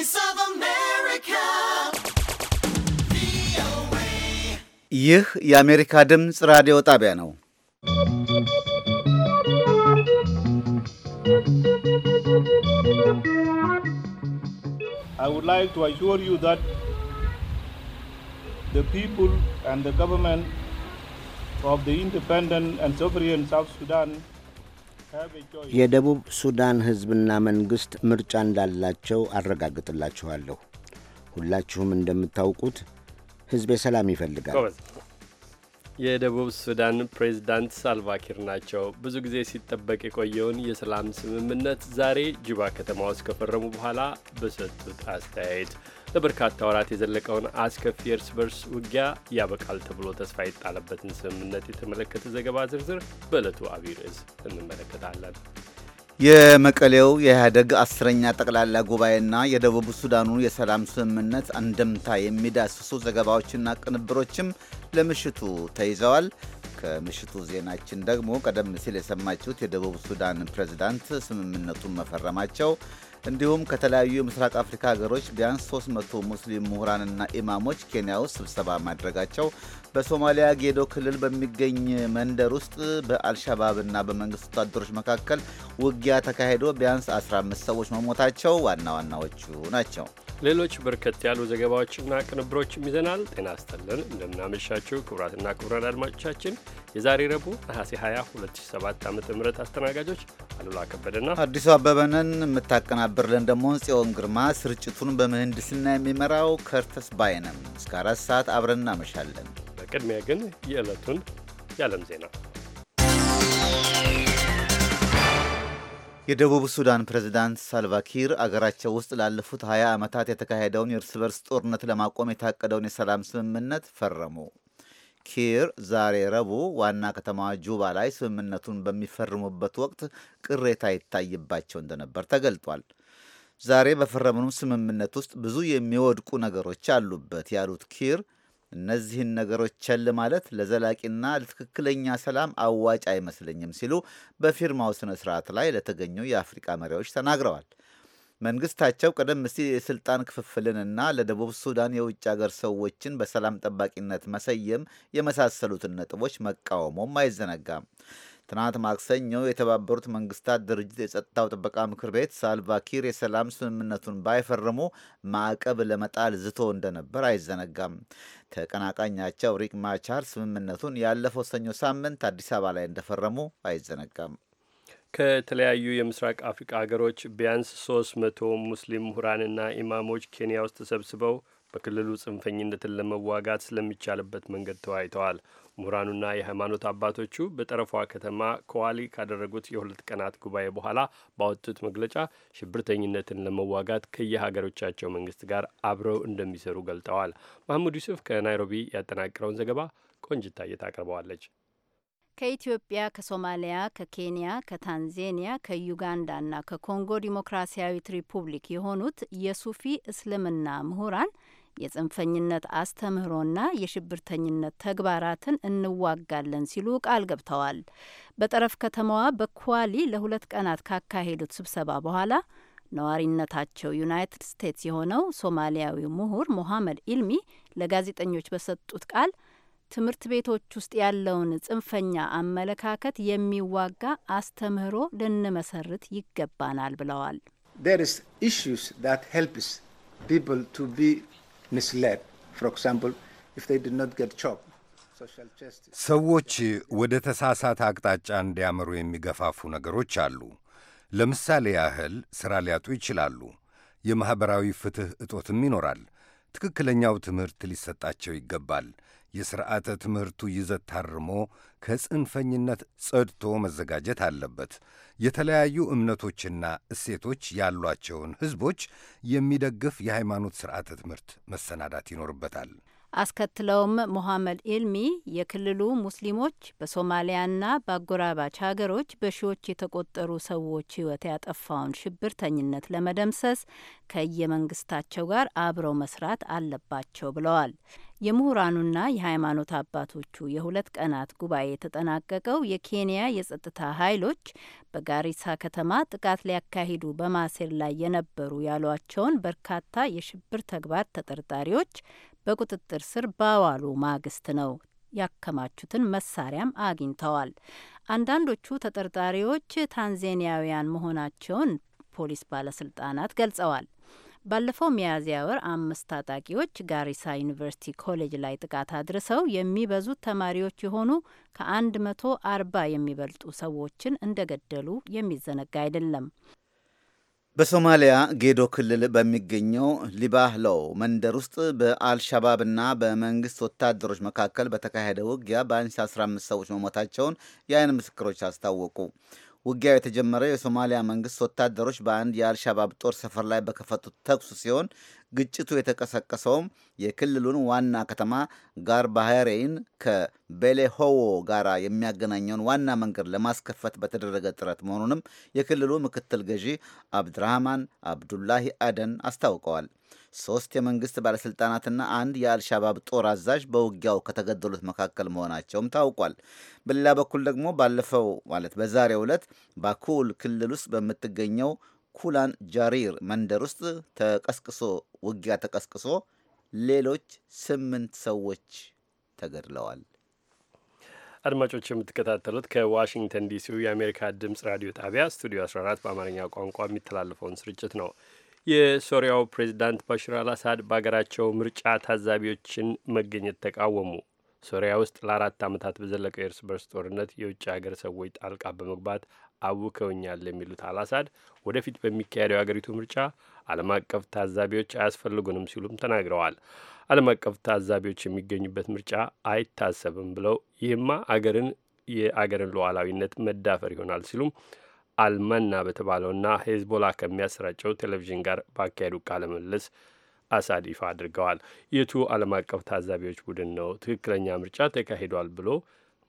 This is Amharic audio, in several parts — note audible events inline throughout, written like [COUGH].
Voice America. ይህ የአሜሪካ ድምፅ I would like to assure you that the people and the government of the independent and sovereign South Sudan የደቡብ ሱዳን ሕዝብና መንግሥት ምርጫ እንዳላቸው አረጋግጥላችኋለሁ። ሁላችሁም እንደምታውቁት ሕዝቤ ሰላም ይፈልጋል። የደቡብ ሱዳን ፕሬዝዳንት ሳልቫኪር ናቸው። ብዙ ጊዜ ሲጠበቅ የቆየውን የሰላም ስምምነት ዛሬ ጅባ ከተማ ውስጥ ከፈረሙ በኋላ በሰጡት አስተያየት ለበርካታ ወራት የዘለቀውን አስከፊ እርስ በርስ ውጊያ ያበቃል ተብሎ ተስፋ የጣለበትን ስምምነት የተመለከተ ዘገባ ዝርዝር በዕለቱ አብይ ርዕስ እንመለከታለን። የመቀሌው የኢህአደግ አስረኛ ጠቅላላ ጉባኤና የደቡብ ሱዳኑ የሰላም ስምምነት አንደምታ የሚዳስሱ ዘገባዎችና ቅንብሮችም ለምሽቱ ተይዘዋል። ከምሽቱ ዜናችን ደግሞ ቀደም ሲል የሰማችሁት የደቡብ ሱዳን ፕሬዝዳንት ስምምነቱን መፈረማቸው እንዲሁም ከተለያዩ የምስራቅ አፍሪካ ሀገሮች ቢያንስ 300 ሙስሊም ምሁራንና ኢማሞች ኬንያ ውስጥ ስብሰባ ማድረጋቸው፣ በሶማሊያ ጌዶ ክልል በሚገኝ መንደር ውስጥ በአልሸባብና በመንግስት ወታደሮች መካከል ውጊያ ተካሂዶ ቢያንስ 15 ሰዎች መሞታቸው ዋና ዋናዎቹ ናቸው። ሌሎች በርከት ያሉ ዘገባዎችና ቅንብሮችም ይዘናል። ጤና ስጠልን እንደምናመሻችው ክቡራትና ክቡራን አድማጮቻችን የዛሬ ረቡዕ ነሐሴ 20 2007 ዓ ም አስተናጋጆች አሉላ ከበደና አዲሱ አበበንን የምታቀናብርልን ደግሞ ጽዮን ግርማ፣ ስርጭቱን በምህንድስና የሚመራው ከርተስ ባይነም። እስከ አራት ሰዓት አብረን እናመሻለን። በቅድሚያ ግን የዕለቱን የዓለም ዜና የደቡብ ሱዳን ፕሬዝዳንት ሳልቫኪር አገራቸው ውስጥ ላለፉት 20 ዓመታት የተካሄደውን የእርስ በርስ ጦርነት ለማቆም የታቀደውን የሰላም ስምምነት ፈረሙ። ኪር ዛሬ ረቡዕ ዋና ከተማዋ ጁባ ላይ ስምምነቱን በሚፈርሙበት ወቅት ቅሬታ ይታይባቸው እንደነበር ተገልጧል። ዛሬ በፈረምኑ ስምምነት ውስጥ ብዙ የሚወድቁ ነገሮች አሉበት ያሉት ኪር እነዚህን ነገሮች ቸል ማለት ለዘላቂና ለትክክለኛ ሰላም አዋጭ አይመስለኝም ሲሉ በፊርማው ስነ ስርዓት ላይ ለተገኙ የአፍሪቃ መሪዎች ተናግረዋል። መንግስታቸው ቀደም ሲል የስልጣን ክፍፍልንና ለደቡብ ሱዳን የውጭ አገር ሰዎችን በሰላም ጠባቂነት መሰየም የመሳሰሉትን ነጥቦች መቃወሙም አይዘነጋም። ትናንት ማክሰኞ የተባበሩት መንግስታት ድርጅት የጸጥታው ጥበቃ ምክር ቤት ሳልቫኪር የሰላም ስምምነቱን ባይፈርሙ ማዕቀብ ለመጣል ዝቶ እንደነበር አይዘነጋም። ተቀናቃኛቸው ሪክ ማቻር ስምምነቱን ያለፈው ሰኞ ሳምንት አዲስ አበባ ላይ እንደፈረሙ አይዘነጋም። ከተለያዩ የምስራቅ አፍሪቃ ሀገሮች ቢያንስ ሶስት መቶ ሙስሊም ምሁራንና ኢማሞች ኬንያ ውስጥ ተሰብስበው በክልሉ ጽንፈኝነትን ለመዋጋት ስለሚቻልበት መንገድ ተወያይተዋል። ምሁራኑና የሃይማኖት አባቶቹ በጠረፏ ከተማ ከዋሊ ካደረጉት የሁለት ቀናት ጉባኤ በኋላ ባወጡት መግለጫ ሽብርተኝነትን ለመዋጋት ከየሀገሮቻቸው መንግስት ጋር አብረው እንደሚሰሩ ገልጠዋል። ማህሙድ ዩሱፍ ከናይሮቢ ያጠናቀረውን ዘገባ ቆንጅታ ታቀርበዋለች። ከኢትዮጵያ፣ ከሶማሊያ፣ ከኬንያ፣ ከታንዜኒያ፣ ከዩጋንዳና ከኮንጎ ዲሞክራሲያዊት ሪፑብሊክ የሆኑት የሱፊ እስልምና ምሁራን የጽንፈኝነት አስተምህሮና የሽብርተኝነት ተግባራትን እንዋጋለን ሲሉ ቃል ገብተዋል። በጠረፍ ከተማዋ በኳሊ ለሁለት ቀናት ካካሄዱት ስብሰባ በኋላ ነዋሪነታቸው ዩናይትድ ስቴትስ የሆነው ሶማሊያዊ ምሁር ሞሐመድ ኢልሚ ለጋዜጠኞች በሰጡት ቃል ትምህርት ቤቶች ውስጥ ያለውን ጽንፈኛ አመለካከት የሚዋጋ አስተምህሮ ልንመሰርት ይገባናል ብለዋል። misled. For example, if they did not get chopped. ሰዎች ወደ ተሳሳተ አቅጣጫ እንዲያመሩ የሚገፋፉ ነገሮች አሉ። ለምሳሌ ያህል ሥራ ሊያጡ ይችላሉ። የማኅበራዊ ፍትሕ እጦትም ይኖራል። ትክክለኛው ትምህርት ሊሰጣቸው ይገባል። የሥርዓተ ትምህርቱ ይዘት ታርሞ ከጽንፈኝነት ጸድቶ መዘጋጀት አለበት። የተለያዩ እምነቶችና እሴቶች ያሏቸውን ህዝቦች የሚደግፍ የሃይማኖት ስርዓተ ትምህርት መሰናዳት ይኖርበታል። አስከትለውም ሞሐመድ ኤልሚ የክልሉ ሙስሊሞች በሶማሊያና በአጎራባች ሀገሮች በሺዎች የተቆጠሩ ሰዎች ሕይወት ያጠፋውን ሽብርተኝነት ለመደምሰስ ከየመንግስታቸው ጋር አብረው መስራት አለባቸው ብለዋል። የምሁራኑና የሃይማኖት አባቶቹ የሁለት ቀናት ጉባኤ የተጠናቀቀው የኬንያ የጸጥታ ኃይሎች በጋሪሳ ከተማ ጥቃት ሊያካሂዱ በማሴር ላይ የነበሩ ያሏቸውን በርካታ የሽብር ተግባር ተጠርጣሪዎች በቁጥጥር ስር ባዋሉ ማግስት ነው። ያከማቹትን መሳሪያም አግኝተዋል። አንዳንዶቹ ተጠርጣሪዎች ታንዜኒያውያን መሆናቸውን ፖሊስ ባለስልጣናት ገልጸዋል። ባለፈው ሚያዝያ ወር አምስት ታጣቂዎች ጋሪሳ ዩኒቨርሲቲ ኮሌጅ ላይ ጥቃት አድርሰው የሚበዙት ተማሪዎች የሆኑ ከአንድ መቶ አርባ የሚበልጡ ሰዎችን እንደገደሉ የሚዘነጋ አይደለም። በሶማሊያ ጌዶ ክልል በሚገኘው ሊባህለው መንደር ውስጥ በአልሻባብና በመንግስት ወታደሮች መካከል በተካሄደ ውጊያ በአንስ 15 ሰዎች መሞታቸውን የአይን ምስክሮች አስታወቁ። ውጊያው የተጀመረው የሶማሊያ መንግስት ወታደሮች በአንድ የአልሻባብ ጦር ሰፈር ላይ በከፈቱት ተኩስ ሲሆን ግጭቱ የተቀሰቀሰውም የክልሉን ዋና ከተማ ባህሬይን ከቤሌሆዎ ጋር የሚያገናኘውን ዋና መንገድ ለማስከፈት በተደረገ ጥረት መሆኑንም የክልሉ ምክትል ገዢ አብድራህማን አብዱላሂ አደን አስታውቀዋል። ሶስት የመንግስት ባለስልጣናትና አንድ የአልሻባብ ጦር አዛዥ በውጊያው ከተገደሉት መካከል መሆናቸውም ታውቋል። በሌላ በኩል ደግሞ ባለፈው ማለት በዛሬው ዕለት ባኩል ክልል ውስጥ በምትገኘው ኩላን ጃሪር መንደር ውስጥ ተቀስቅሶ ውጊያ ተቀስቅሶ ሌሎች ስምንት ሰዎች ተገድለዋል። አድማጮች የምትከታተሉት ከዋሽንግተን ዲሲው የአሜሪካ ድምፅ ራዲዮ ጣቢያ ስቱዲዮ 14 በአማርኛ ቋንቋ የሚተላለፈውን ስርጭት ነው። የሶሪያው ፕሬዚዳንት ባሽር አልአሳድ በሀገራቸው ምርጫ ታዛቢዎችን መገኘት ተቃወሙ። ሶሪያ ውስጥ ለአራት ዓመታት በዘለቀው የእርስ በርስ ጦርነት የውጭ ሀገር ሰዎች ጣልቃ በመግባት አውከውኛል የሚሉት አልአሳድ ወደፊት በሚካሄደው የአገሪቱ ምርጫ ዓለም አቀፍ ታዛቢዎች አያስፈልጉንም ሲሉም ተናግረዋል። ዓለም አቀፍ ታዛቢዎች የሚገኙበት ምርጫ አይታሰብም ብለው ይህማ አገርን የአገርን ሉዓላዊነት መዳፈር ይሆናል ሲሉም አልመና በተባለውና ሄዝቦላ ከሚያሰራጨው ቴሌቪዥን ጋር ባካሄዱ ቃለ ምልልስ አሳድ ይፋ አድርገዋል። የቱ ዓለም አቀፍ ታዛቢዎች ቡድን ነው ትክክለኛ ምርጫ ተካሂዷል ብሎ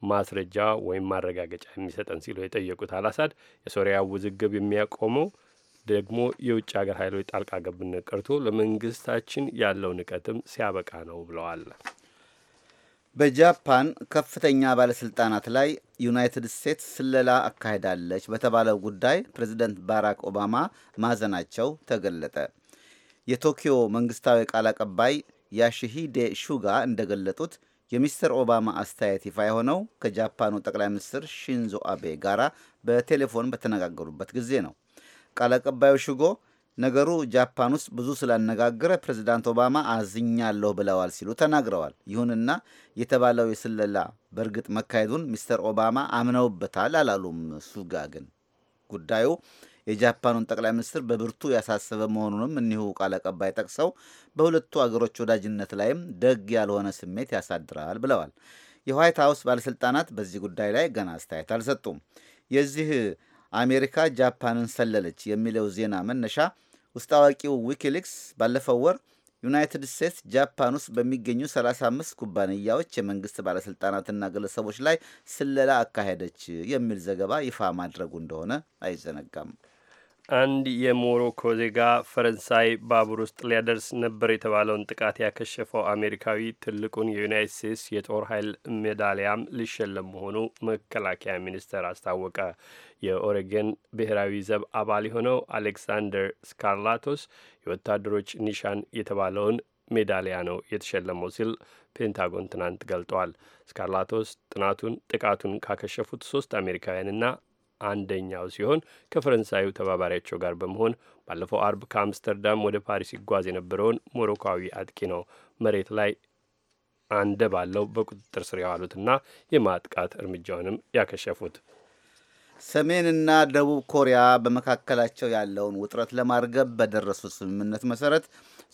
ማስረጃ ወይም ማረጋገጫ የሚሰጠን ሲሉ የጠየቁት አላሳድ የሶሪያ ውዝግብ የሚያቆመው ደግሞ የውጭ ሀገር ኃይሎች ጣልቃ ገብነት ቀርቶ ለመንግስታችን ያለው ንቀትም ሲያበቃ ነው ብለዋል። በጃፓን ከፍተኛ ባለስልጣናት ላይ ዩናይትድ ስቴትስ ስለላ አካሂዳለች በተባለው ጉዳይ ፕሬዚደንት ባራክ ኦባማ ማዘናቸው ተገለጠ። የቶኪዮ መንግስታዊ ቃል አቀባይ ያሽሂዴ ሹጋ እንደገለጡት የሚስተር ኦባማ አስተያየት ይፋ የሆነው ከጃፓኑ ጠቅላይ ሚኒስትር ሺንዞ አቤ ጋራ በቴሌፎን በተነጋገሩበት ጊዜ ነው። ቃል አቀባዩ ሽጎ ነገሩ ጃፓን ውስጥ ብዙ ስላነጋገረ ፕሬዚዳንት ኦባማ አዝኛለሁ ብለዋል ሲሉ ተናግረዋል። ይሁንና የተባለው የስለላ በእርግጥ መካሄዱን ሚስተር ኦባማ አምነውበታል አላሉም። ሱጋ ግን ጉዳዩ የጃፓኑን ጠቅላይ ሚኒስትር በብርቱ ያሳሰበ መሆኑንም እኒሁ ቃል አቀባይ ጠቅሰው በሁለቱ አገሮች ወዳጅነት ላይም ደግ ያልሆነ ስሜት ያሳድራል ብለዋል። የዋይት ሀውስ ባለሥልጣናት በዚህ ጉዳይ ላይ ገና አስተያየት አልሰጡም። የዚህ አሜሪካ ጃፓንን ሰለለች የሚለው ዜና መነሻ ውስጥ አዋቂው ዊኪሊክስ ባለፈው ወር ዩናይትድ ስቴትስ ጃፓን ውስጥ በሚገኙ 35 ኩባንያዎች የመንግስት ባለሥልጣናትና ግለሰቦች ላይ ስለላ አካሄደች የሚል ዘገባ ይፋ ማድረጉ እንደሆነ አይዘነጋም። አንድ የሞሮኮ ዜጋ ፈረንሳይ ባቡር ውስጥ ሊያደርስ ነበር የተባለውን ጥቃት ያከሸፈው አሜሪካዊ ትልቁን የዩናይት ስቴትስ የጦር ኃይል ሜዳሊያም ሊሸለም መሆኑ መከላከያ ሚኒስቴር አስታወቀ። የኦሬገን ብሔራዊ ዘብ አባል የሆነው አሌክሳንደር ስካርላቶስ የወታደሮች ኒሻን የተባለውን ሜዳሊያ ነው የተሸለመው ሲል ፔንታጎን ትናንት ገልጠዋል። ስካርላቶስ ጥናቱን ጥቃቱን ካከሸፉት ሶስት አሜሪካውያንና አንደኛው ሲሆን ከፈረንሳዩ ተባባሪያቸው ጋር በመሆን ባለፈው አርብ ከአምስተርዳም ወደ ፓሪስ ይጓዝ የነበረውን ሞሮካዊ አጥቂ ነው መሬት ላይ አንደ ባለው በቁጥጥር ስር የዋሉትና የማጥቃት እርምጃውንም ያከሸፉት። ሰሜንና ደቡብ ኮሪያ በመካከላቸው ያለውን ውጥረት ለማርገብ በደረሱት ስምምነት መሰረት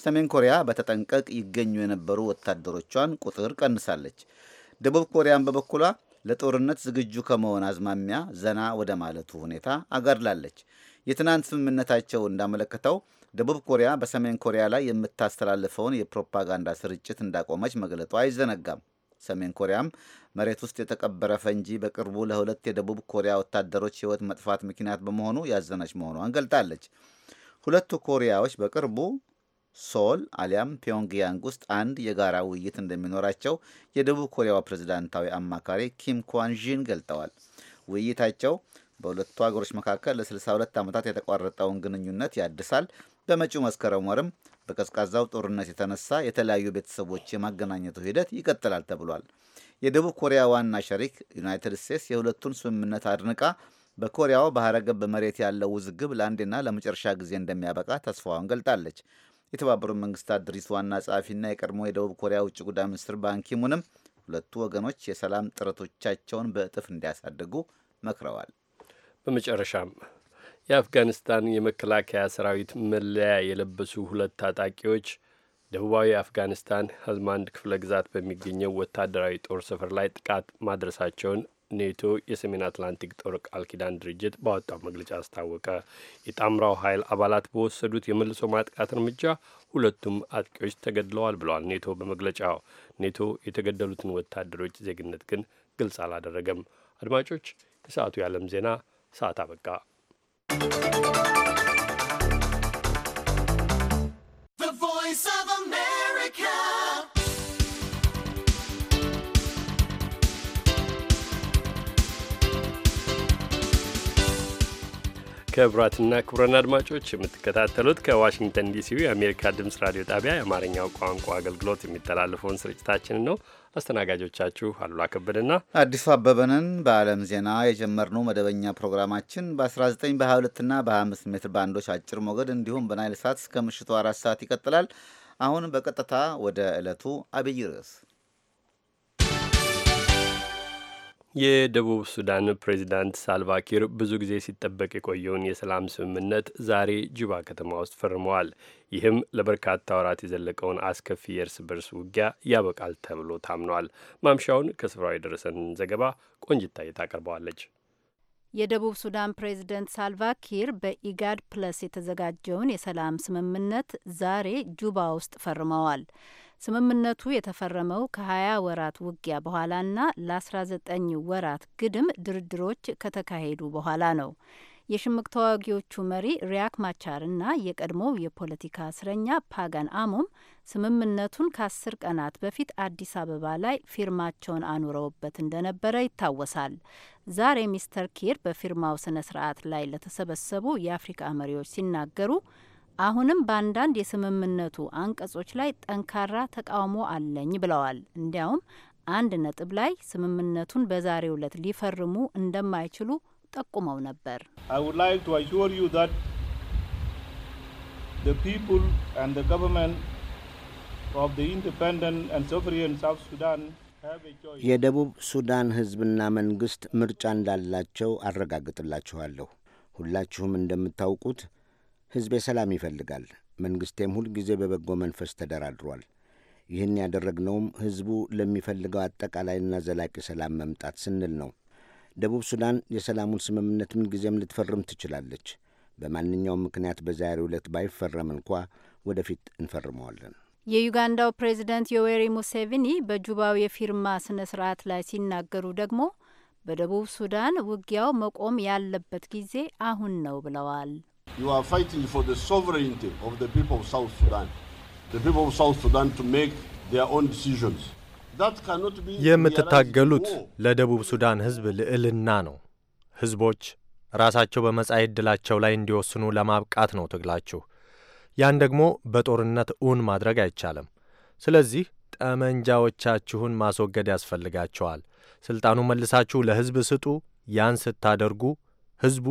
ሰሜን ኮሪያ በተጠንቀቅ ይገኙ የነበሩ ወታደሮቿን ቁጥር ቀንሳለች። ደቡብ ኮሪያን በበኩሏ ለጦርነት ዝግጁ ከመሆን አዝማሚያ ዘና ወደ ማለቱ ሁኔታ አጋድላለች። የትናንት ስምምነታቸው እንዳመለከተው ደቡብ ኮሪያ በሰሜን ኮሪያ ላይ የምታስተላልፈውን የፕሮፓጋንዳ ስርጭት እንዳቆመች መግለጧ አይዘነጋም። ሰሜን ኮሪያም መሬት ውስጥ የተቀበረ ፈንጂ በቅርቡ ለሁለት የደቡብ ኮሪያ ወታደሮች ሕይወት መጥፋት ምክንያት በመሆኑ ያዘነች መሆኗን ገልጣለች። ሁለቱ ኮሪያዎች በቅርቡ ሶል አሊያም ፒዮንግያንግ ውስጥ አንድ የጋራ ውይይት እንደሚኖራቸው የደቡብ ኮሪያዋ ፕሬዝዳንታዊ አማካሪ ኪም ኳንዥን ገልጠዋል። ውይይታቸው በሁለቱ ሀገሮች መካከል ለ62 ዓመታት የተቋረጠውን ግንኙነት ያድሳል። በመጪው መስከረም ወርም በቀዝቃዛው ጦርነት የተነሳ የተለያዩ ቤተሰቦች የማገናኘቱ ሂደት ይቀጥላል ተብሏል። የደቡብ ኮሪያ ዋና ሸሪክ ዩናይትድ ስቴትስ የሁለቱን ስምምነት አድንቃ በኮሪያው ባህረ ገብ መሬት ያለው ውዝግብ ለአንዴና ለመጨረሻ ጊዜ እንደሚያበቃ ተስፋዋን ገልጣለች። የተባበሩት መንግስታት ድርጅት ዋና ጸሐፊና የቀድሞ የደቡብ ኮሪያ ውጭ ጉዳይ ሚኒስትር ባንኪሙንም ሁለቱ ወገኖች የሰላም ጥረቶቻቸውን በእጥፍ እንዲያሳድጉ መክረዋል። በመጨረሻም የአፍጋኒስታን የመከላከያ ሰራዊት መለያ የለበሱ ሁለት ታጣቂዎች ደቡባዊ አፍጋኒስታን ሀልማንድ ክፍለ ግዛት በሚገኘው ወታደራዊ ጦር ሰፈር ላይ ጥቃት ማድረሳቸውን ኔቶ የሰሜን አትላንቲክ ጦር ቃል ኪዳን ድርጅት ባወጣው መግለጫ አስታወቀ። የጣምራው ኃይል አባላት በወሰዱት የመልሶ ማጥቃት እርምጃ ሁለቱም አጥቂዎች ተገድለዋል ብለዋል ኔቶ በመግለጫው። ኔቶ የተገደሉትን ወታደሮች ዜግነት ግን ግልጽ አላደረገም። አድማጮች፣ የሰዓቱ የዓለም ዜና ሰዓት አበቃ። ክቡራትና ክቡራን አድማጮች የምትከታተሉት ከዋሽንግተን ዲሲው የአሜሪካ ድምፅ ራዲዮ ጣቢያ የአማርኛው ቋንቋ አገልግሎት የሚተላለፈውን ስርጭታችን ነው። አስተናጋጆቻችሁ አሉላ ከበደና አዲሱ አበበንን በዓለም ዜና የጀመርነው መደበኛ ፕሮግራማችን በ19 በ22ና በ25 ሜትር ባንዶች አጭር ሞገድ እንዲሁም በናይል ሳት እስከ ምሽቱ አራት ሰዓት ይቀጥላል። አሁን በቀጥታ ወደ ዕለቱ አብይ ርዕስ የደቡብ ሱዳን ፕሬዚዳንት ሳልቫኪር ብዙ ጊዜ ሲጠበቅ የቆየውን የሰላም ስምምነት ዛሬ ጅባ ከተማ ውስጥ ፈርመዋል። ይህም ለበርካታ ወራት የዘለቀውን አስከፊ የእርስ በርስ ውጊያ ያበቃል ተብሎ ታምኗል። ማምሻውን ከስፍራው የደረሰን ዘገባ ቆንጅታዬ ታቀርበዋለች። የደቡብ ሱዳን ፕሬዝደንት ሳልቫኪር በኢጋድ ፕለስ የተዘጋጀውን የሰላም ስምምነት ዛሬ ጁባ ውስጥ ፈርመዋል። ስምምነቱ የተፈረመው ከ20 ወራት ውጊያ በኋላና ለ19 ወራት ግድም ድርድሮች ከተካሄዱ በኋላ ነው። የሽምቅ ተዋጊዎቹ መሪ ሪያክ ማቻር እና የቀድሞው የፖለቲካ እስረኛ ፓጋን አሞም ስምምነቱን ከአስር ቀናት በፊት አዲስ አበባ ላይ ፊርማቸውን አኑረውበት እንደነበረ ይታወሳል። ዛሬ ሚስተር ኪር በፊርማው ስነ ስርዓት ላይ ለተሰበሰቡ የአፍሪካ መሪዎች ሲናገሩ አሁንም በአንዳንድ የስምምነቱ አንቀጾች ላይ ጠንካራ ተቃውሞ አለኝ ብለዋል። እንዲያውም አንድ ነጥብ ላይ ስምምነቱን በዛሬው ዕለት ሊፈርሙ እንደማይችሉ ጠቁመው ነበር። የደቡብ ሱዳን ሕዝብና መንግሥት ምርጫ እንዳላቸው አረጋግጥላችኋለሁ። ሁላችሁም እንደምታውቁት ሕዝቤ ሰላም ይፈልጋል። መንግሥቴም ሁልጊዜ በበጎ መንፈስ ተደራድሯል። ይህን ያደረግነውም ሕዝቡ ለሚፈልገው አጠቃላይና ዘላቂ ሰላም መምጣት ስንል ነው። ደቡብ ሱዳን የሰላሙን ስምምነት ምንጊዜም ልትፈርም ትችላለች። በማንኛውም ምክንያት በዛሬው ዕለት ባይፈረም እንኳ ወደፊት እንፈርመዋለን። የዩጋንዳው ፕሬዚደንት ዮዌሪ ሙሴቪኒ በጁባው የፊርማ ስነ ስርዓት ላይ ሲናገሩ ደግሞ በደቡብ ሱዳን ውጊያው መቆም ያለበት ጊዜ አሁን ነው ብለዋል። You are fighting for the sovereignty of the people of South Sudan, the people of South Sudan to make their own decisions. የምትታገሉት ለደቡብ ሱዳን ሕዝብ ልዕልና ነው። ሕዝቦች ራሳቸው በመጻኢ ዕድላቸው ላይ እንዲወስኑ ለማብቃት ነው ትግላችሁ። ያን ደግሞ በጦርነት እውን ማድረግ አይቻልም። ስለዚህ ጠመንጃዎቻችሁን ማስወገድ ያስፈልጋቸዋል። ሥልጣኑ መልሳችሁ ለሕዝብ ስጡ። ያን ስታደርጉ ሕዝቡ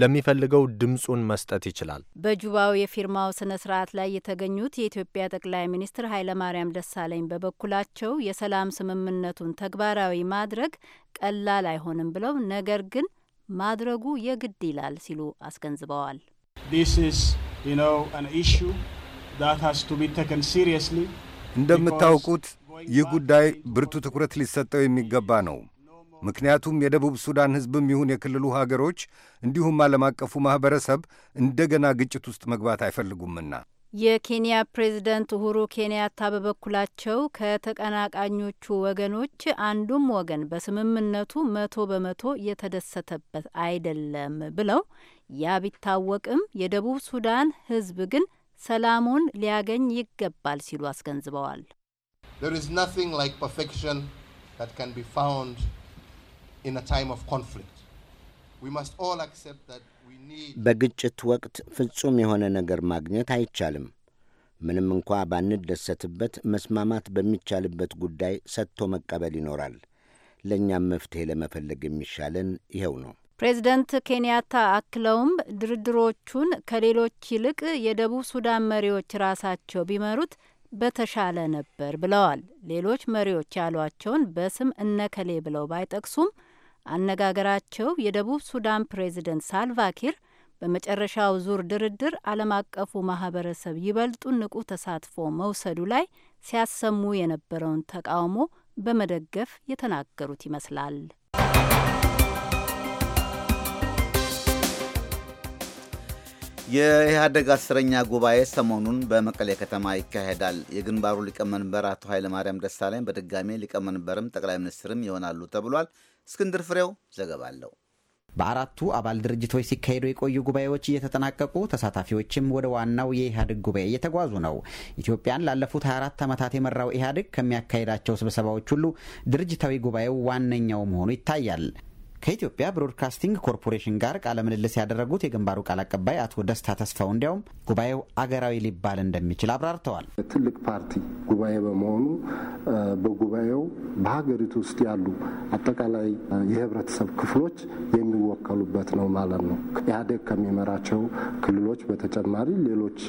ለሚፈልገው ድምፁን መስጠት ይችላል። በጁባው የፊርማው ስነ ስርዓት ላይ የተገኙት የኢትዮጵያ ጠቅላይ ሚኒስትር ኃይለማርያም ደሳለኝ በበኩላቸው የሰላም ስምምነቱን ተግባራዊ ማድረግ ቀላል አይሆንም ብለው ነገር ግን ማድረጉ የግድ ይላል ሲሉ አስገንዝበዋል። እንደምታውቁት ይህ ጉዳይ ብርቱ ትኩረት ሊሰጠው የሚገባ ነው። ምክንያቱም የደቡብ ሱዳን ሕዝብም ይሁን የክልሉ ሀገሮች እንዲሁም ዓለም አቀፉ ማኅበረሰብ እንደገና ግጭት ውስጥ መግባት አይፈልጉምና። የኬንያ ፕሬዝደንት ኡሁሩ ኬንያታ በበኩላቸው ከተቀናቃኞቹ ወገኖች አንዱም ወገን በስምምነቱ መቶ በመቶ የተደሰተበት አይደለም ብለው ያ ቢታወቅም የደቡብ ሱዳን ሕዝብ ግን ሰላሙን ሊያገኝ ይገባል ሲሉ አስገንዝበዋል። በግጭት ወቅት ፍጹም የሆነ ነገር ማግኘት አይቻልም። ምንም እንኳ ባንደሰትበት፣ መስማማት በሚቻልበት ጉዳይ ሰጥቶ መቀበል ይኖራል። ለእኛም መፍትሄ ለመፈለግ የሚሻለን ይኸው ነው። ፕሬዚደንት ኬንያታ አክለውም ድርድሮቹን ከሌሎች ይልቅ የደቡብ ሱዳን መሪዎች ራሳቸው ቢመሩት በተሻለ ነበር ብለዋል። ሌሎች መሪዎች ያሏቸውን በስም እነከሌ ብለው ባይጠቅሱም አነጋገራቸው የደቡብ ሱዳን ፕሬዚደንት ሳልቫኪር በመጨረሻው ዙር ድርድር ዓለም አቀፉ ማህበረሰብ ይበልጡን ንቁ ተሳትፎ መውሰዱ ላይ ሲያሰሙ የነበረውን ተቃውሞ በመደገፍ የተናገሩት ይመስላል። የኢህአደግ አስረኛ ጉባኤ ሰሞኑን በመቀሌ ከተማ ይካሄዳል። የግንባሩ ሊቀመንበር አቶ ኃይለማርያም ደሳለኝ በድጋሜ ሊቀመንበርም ጠቅላይ ሚኒስትርም ይሆናሉ ተብሏል። እስክንድር ፍሬው ዘገባ አለው። በአራቱ አባል ድርጅቶች ሲካሄዱ የቆዩ ጉባኤዎች እየተጠናቀቁ ተሳታፊዎችም ወደ ዋናው የኢህአዴግ ጉባኤ እየተጓዙ ነው። ኢትዮጵያን ላለፉት 24 ዓመታት የመራው ኢህአዴግ ከሚያካሄዳቸው ስብሰባዎች ሁሉ ድርጅታዊ ጉባኤው ዋነኛው መሆኑ ይታያል። ከኢትዮጵያ ብሮድካስቲንግ ኮርፖሬሽን ጋር ቃለምልልስ ያደረጉት የግንባሩ ቃል አቀባይ አቶ ደስታ ተስፋው እንዲያውም ጉባኤው አገራዊ ሊባል እንደሚችል አብራርተዋል። ትልቅ ፓርቲ ጉባኤ በመሆኑ በጉባኤው በሀገሪቱ ውስጥ ያሉ አጠቃላይ የህብረተሰብ ክፍሎች የሚወከሉበት ነው ማለት ነው። ኢህአዴግ ከሚመራቸው ክልሎች በተጨማሪ ሌሎች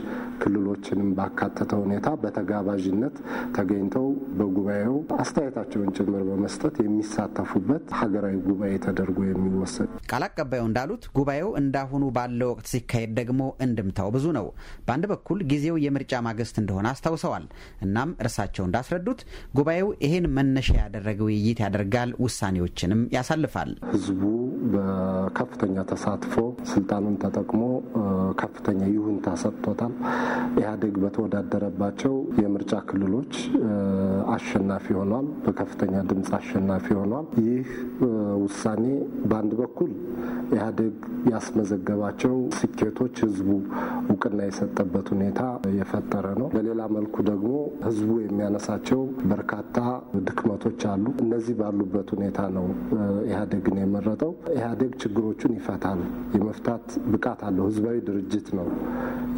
ክልሎችንም ባካተተ ሁኔታ በተጋባዥነት ተገኝተው በጉባኤው አስተያየታቸውን ጭምር በመስጠት የሚሳተፉበት ሀገራዊ ጉባኤ ተደ ተደርጎ የሚወሰድ። ቃል አቀባዩ እንዳሉት ጉባኤው እንዳሁኑ ባለው ወቅት ሲካሄድ ደግሞ እንድምታው ብዙ ነው። በአንድ በኩል ጊዜው የምርጫ ማግስት እንደሆነ አስታውሰዋል። እናም እርሳቸው እንዳስረዱት ጉባኤው ይሄን መነሻ ያደረገ ውይይት ያደርጋል፣ ውሳኔዎችንም ያሳልፋል። ህዝቡ በከፍተኛ ተሳትፎ ስልጣኑን ተጠቅሞ ከፍተኛ ይሁንታ ሰጥቶታል። ኢህአዴግ በተወዳደረባቸው የምርጫ ክልሎች አሸናፊ ሆኗል። በከፍተኛ ድምፅ አሸናፊ ሆኗል። ይህ ውሳኔ በአንድ በኩል ኢህአዴግ ያስመዘገባቸው ስኬቶች ህዝቡ እውቅና የሰጠበት ሁኔታ የፈጠረ ነው። በሌላ መልኩ ደግሞ ህዝቡ የሚያነሳቸው በርካታ ድክመቶች አሉ። እነዚህ ባሉበት ሁኔታ ነው ኢህአዴግን የመረጠው። ኢህአዴግ ችግሮቹን ይፈታል፣ የመፍታት ብቃት አለው። ህዝባዊ ድርጅት ነው።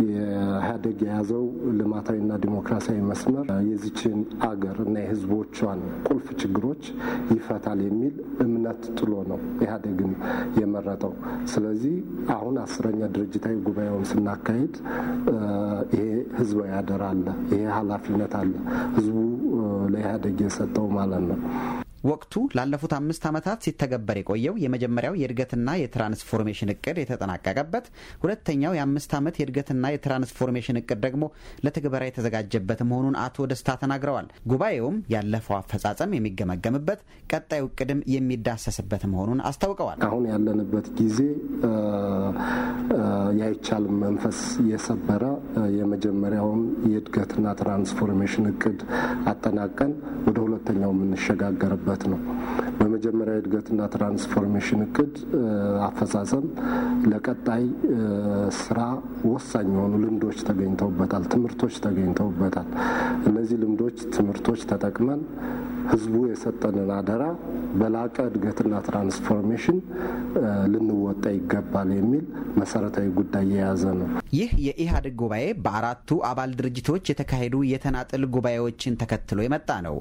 ኢህአዴግ የያዘው ልማታዊና ዲሞክራሲያዊ መስመር የዚችን አገር እና የህዝቦቿን ቁልፍ ችግሮች ይፈታል የሚል እምነት ጥሎ ነው ኢህአዴግን የመረጠው። ስለዚህ አሁን አስረኛ ድርጅታዊ ጉባኤውን ስናካሄድ ይሄ ህዝባዊ አደራ አለ፣ ይሄ ኃላፊነት አለ ህዝቡ ለኢህአዴግ የሰጠው ማለት ነው። ወቅቱ ላለፉት አምስት ዓመታት ሲተገበር የቆየው የመጀመሪያው የእድገትና የትራንስፎርሜሽን እቅድ የተጠናቀቀበት፣ ሁለተኛው የአምስት ዓመት የእድገትና የትራንስፎርሜሽን እቅድ ደግሞ ለትግበራ የተዘጋጀበት መሆኑን አቶ ደስታ ተናግረዋል። ጉባኤውም ያለፈው አፈጻጸም የሚገመገምበት፣ ቀጣዩ እቅድም የሚዳሰስበት መሆኑን አስታውቀዋል። አሁን ያለንበት ጊዜ ያይቻል መንፈስ የሰበረ የመጀመሪያውን የእድገትና ትራንስፎርሜሽን እቅድ አጠናቀን ወደ ሁለተኛው የምንሸጋገርበት መሰረት ነው። በመጀመሪያ የእድገትና ትራንስፎርሜሽን እቅድ አፈጻጸም ለቀጣይ ስራ ወሳኝ የሆኑ ልምዶች ተገኝተውበታል፣ ትምህርቶች ተገኝተውበታል። እነዚህ ልምዶች፣ ትምህርቶች ተጠቅመን ህዝቡ የሰጠንን አደራ በላቀ እድገትና ትራንስፎርሜሽን ልንወጣ ይገባል የሚል መሰረታዊ ጉዳይ የያዘ ነው። ይህ የኢህአዴግ ጉባኤ በአራቱ አባል ድርጅቶች የተካሄዱ የተናጥል ጉባኤዎችን ተከትሎ የመጣ ነው።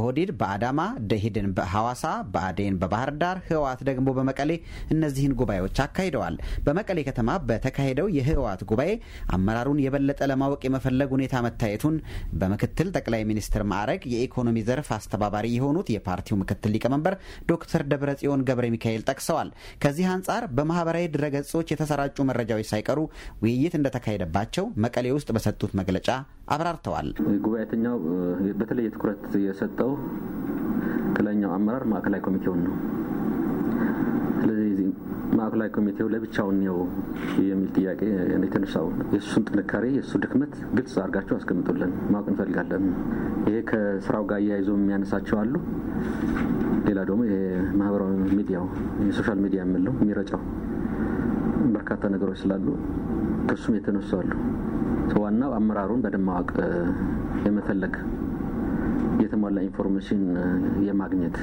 ኦህዴድ በአዳማ ደሂድ ኦህዴድን በሐዋሳ በአዴን በባህር ዳር ህወሓት ደግሞ በመቀሌ እነዚህን ጉባኤዎች አካሂደዋል። በመቀሌ ከተማ በተካሄደው የህወሓት ጉባኤ አመራሩን የበለጠ ለማወቅ የመፈለግ ሁኔታ መታየቱን በምክትል ጠቅላይ ሚኒስትር ማዕረግ የኢኮኖሚ ዘርፍ አስተባባሪ የሆኑት የፓርቲው ምክትል ሊቀመንበር ዶክተር ደብረጽዮን ገብረ ሚካኤል ጠቅሰዋል። ከዚህ አንጻር በማህበራዊ ድረገጾች የተሰራጩ መረጃዎች ሳይቀሩ ውይይት እንደተካሄደባቸው መቀሌ ውስጥ በሰጡት መግለጫ አብራርተዋል። ጉባኤተኛው በተለየ ትኩረት የሰጠው ሌላኛው አመራር ማዕከላዊ ኮሚቴውን ነው። ስለዚህ ማዕከላዊ ኮሚቴው ለብቻውን ነው የሚል ጥያቄ የተነሳው የእሱን ጥንካሬ የእሱ ድክመት ግልጽ አርጋቸው አስቀምጡልን ማወቅ እንፈልጋለን። ይሄ ከስራው ጋር እያይዞ የሚያነሳቸው አሉ። ሌላ ደግሞ ይሄ ማህበራዊ ሚዲያው የሶሻል ሚዲያ የምለው የሚረጫው በርካታ ነገሮች ስላሉ ከሱም የተነሱ አሉ። ዋናው አመራሩን በደማዋቅ የመፈለግ የተሟላ ኢንፎርሜሽን የማግኘት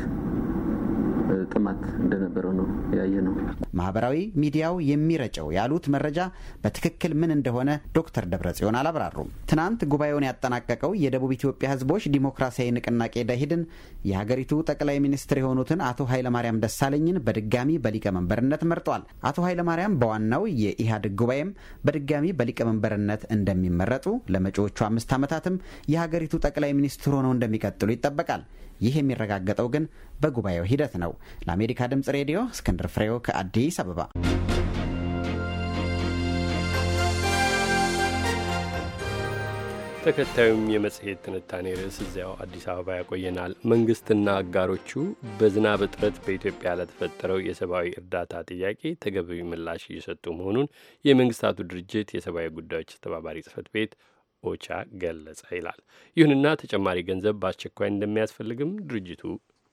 ጥማት እንደነበረው ነው ያየ ነው። ማህበራዊ ሚዲያው የሚረጨው ያሉት መረጃ በትክክል ምን እንደሆነ ዶክተር ደብረጽዮን አላብራሩም። ትናንት ጉባኤውን ያጠናቀቀው የደቡብ ኢትዮጵያ ህዝቦች ዲሞክራሲያዊ ንቅናቄ ደሂድን የሀገሪቱ ጠቅላይ ሚኒስትር የሆኑትን አቶ ኃይለማርያም ደሳለኝን በድጋሚ በሊቀመንበርነት መርጧል። አቶ ኃይለማርያም በዋናው የኢህአዴግ ጉባኤም በድጋሚ በሊቀመንበርነት እንደሚመረጡ ለመጪዎቹ አምስት ዓመታትም የሀገሪቱ ጠቅላይ ሚኒስትር ሆነው እንደሚቀጥሉ ይጠበቃል። ይህ የሚረጋገጠው ግን በጉባኤው ሂደት ነው። ለአሜሪካ ድምጽ ሬዲዮ እስክንድር ፍሬው ከአዲስ አበባ። ተከታዩም የመጽሔት ትንታኔ ርዕስ እዚያው አዲስ አበባ ያቆየናል። መንግስትና አጋሮቹ በዝናብ እጥረት በኢትዮጵያ ለተፈጠረው የሰብአዊ እርዳታ ጥያቄ ተገቢ ምላሽ እየሰጡ መሆኑን የመንግስታቱ ድርጅት የሰብአዊ ጉዳዮች አስተባባሪ ጽህፈት ቤት ኦቻ ገለጸ ይላል። ይሁንና ተጨማሪ ገንዘብ በአስቸኳይ እንደሚያስፈልግም ድርጅቱ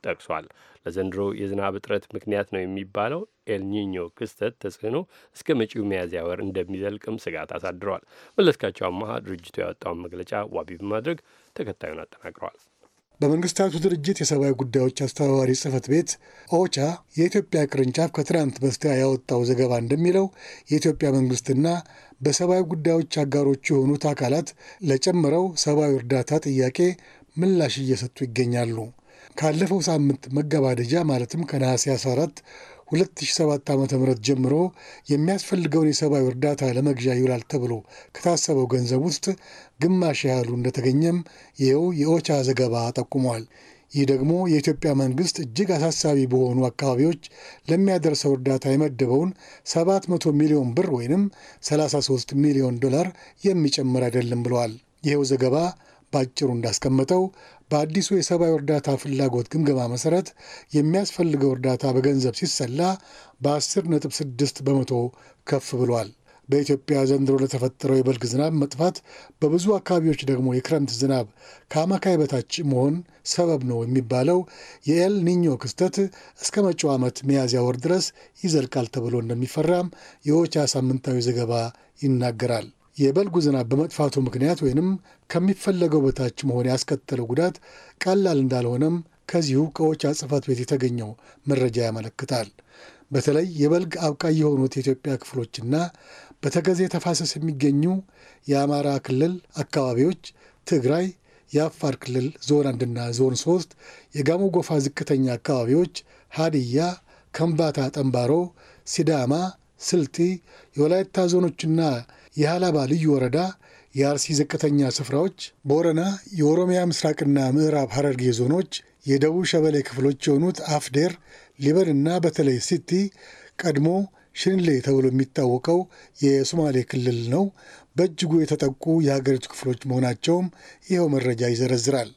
ጠቅሷል። ለዘንድሮ የዝናብ እጥረት ምክንያት ነው የሚባለው ኤልኒኞ ክስተት ተጽዕኖ እስከ መጪው ሚያዝያ ወር እንደሚዘልቅም ስጋት አሳድረዋል። መለስካቸው አመሀ ድርጅቱ ያወጣውን መግለጫ ዋቢ በማድረግ ተከታዩን አጠናቅረዋል። በመንግስታቱ ድርጅት የሰብአዊ ጉዳዮች አስተባባሪ ጽህፈት ቤት ኦቻ የኢትዮጵያ ቅርንጫፍ ከትናንት በስቲያ ያወጣው ዘገባ እንደሚለው የኢትዮጵያ መንግስትና በሰብአዊ ጉዳዮች አጋሮች የሆኑት አካላት ለጨመረው ሰብአዊ እርዳታ ጥያቄ ምላሽ እየሰጡ ይገኛሉ። ካለፈው ሳምንት መገባደጃ ማለትም ከነሐሴ 14 2007 ዓ ም ጀምሮ የሚያስፈልገውን የሰብአዊ እርዳታ ለመግዣ ይውላል ተብሎ ከታሰበው ገንዘብ ውስጥ ግማሽ ያህሉ እንደተገኘም ይኸው የኦቻ ዘገባ ጠቁሟል። ይህ ደግሞ የኢትዮጵያ መንግስት እጅግ አሳሳቢ በሆኑ አካባቢዎች ለሚያደርሰው እርዳታ የመደበውን 700 ሚሊዮን ብር ወይንም 33 ሚሊዮን ዶላር የሚጨምር አይደለም ብለዋል። ይኸው ዘገባ በአጭሩ እንዳስቀመጠው በአዲሱ የሰብአዊ እርዳታ ፍላጎት ግምገማ መሠረት የሚያስፈልገው እርዳታ በገንዘብ ሲሰላ በ 106 6 በመቶ ከፍ ብሏል። በኢትዮጵያ ዘንድሮ ለተፈጠረው የበልግ ዝናብ መጥፋት በብዙ አካባቢዎች ደግሞ የክረምት ዝናብ ከአማካይ በታች መሆን ሰበብ ነው የሚባለው የኤል ኒኞ ክስተት እስከ መጪው ዓመት ሚያዝያ ወር ድረስ ይዘልቃል ተብሎ እንደሚፈራም የኦቻ ሳምንታዊ ዘገባ ይናገራል። የበልጉ ዝናብ በመጥፋቱ ምክንያት ወይንም ከሚፈለገው በታች መሆን ያስከተለው ጉዳት ቀላል እንዳልሆነም ከዚሁ ከኦቻ ጽሕፈት ቤት የተገኘው መረጃ ያመለክታል። በተለይ የበልግ አብቃይ የሆኑት የኢትዮጵያ ክፍሎችና በተከዜ ተፋሰስ የሚገኙ የአማራ ክልል አካባቢዎች፣ ትግራይ፣ የአፋር ክልል ዞን አንድና ዞን ሶስት፣ የጋሞ ጎፋ ዝቅተኛ አካባቢዎች፣ ሀዲያ፣ ከምባታ፣ ጠንባሮ፣ ሲዳማ፣ ስልጢ፣ የወላይታ ዞኖችና የሀላባ ልዩ ወረዳ የአርሲ ዝቅተኛ ስፍራዎች፣ ቦረና፣ የኦሮሚያ ምስራቅና ምዕራብ ሐረርጌ ዞኖች፣ የደቡብ ሸበሌ ክፍሎች የሆኑት አፍዴር፣ ሊበንና በተለይ ሲቲ ቀድሞ ሽንሌ ተብሎ የሚታወቀው የሶማሌ ክልል ነው፣ በእጅጉ የተጠቁ የሀገሪቱ ክፍሎች መሆናቸውም ይኸው መረጃ ይዘረዝራል።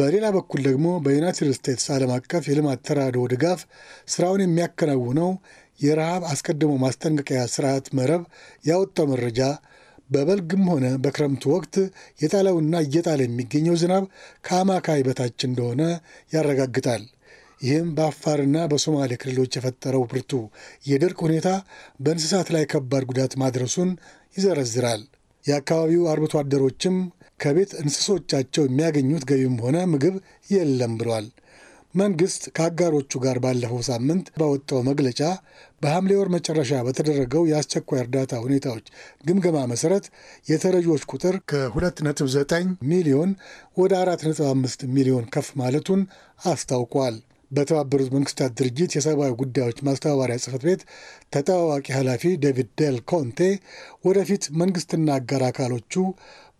በሌላ በኩል ደግሞ በዩናይትድ ስቴትስ ዓለም አቀፍ የልማት ተራድኦ ድጋፍ ስራውን የሚያከናውነው የረሃብ አስቀድሞ ማስጠንቀቂያ ስርዓት መረብ ያወጣው መረጃ በበልግም ሆነ በክረምቱ ወቅት የጣለውና እየጣለ የሚገኘው ዝናብ ከአማካይ በታች እንደሆነ ያረጋግጣል። ይህም በአፋርና በሶማሌ ክልሎች የፈጠረው ብርቱ የድርቅ ሁኔታ በእንስሳት ላይ ከባድ ጉዳት ማድረሱን ይዘረዝራል። የአካባቢው አርብቶ አደሮችም ከቤት እንስሶቻቸው የሚያገኙት ገቢም ሆነ ምግብ የለም ብሏል። መንግስት ከአጋሮቹ ጋር ባለፈው ሳምንት ባወጣው መግለጫ በሐምሌ ወር መጨረሻ በተደረገው የአስቸኳይ እርዳታ ሁኔታዎች ግምገማ መሠረት የተረጂዎች ቁጥር ከ2.9 ሚሊዮን ወደ 4.5 ሚሊዮን ከፍ ማለቱን አስታውቋል። በተባበሩት መንግስታት ድርጅት የሰብአዊ ጉዳዮች ማስተባበሪያ ጽህፈት ቤት ተጠባባቂ ኃላፊ ዴቪድ ዴል ኮንቴ ወደፊት መንግስትና አጋር አካሎቹ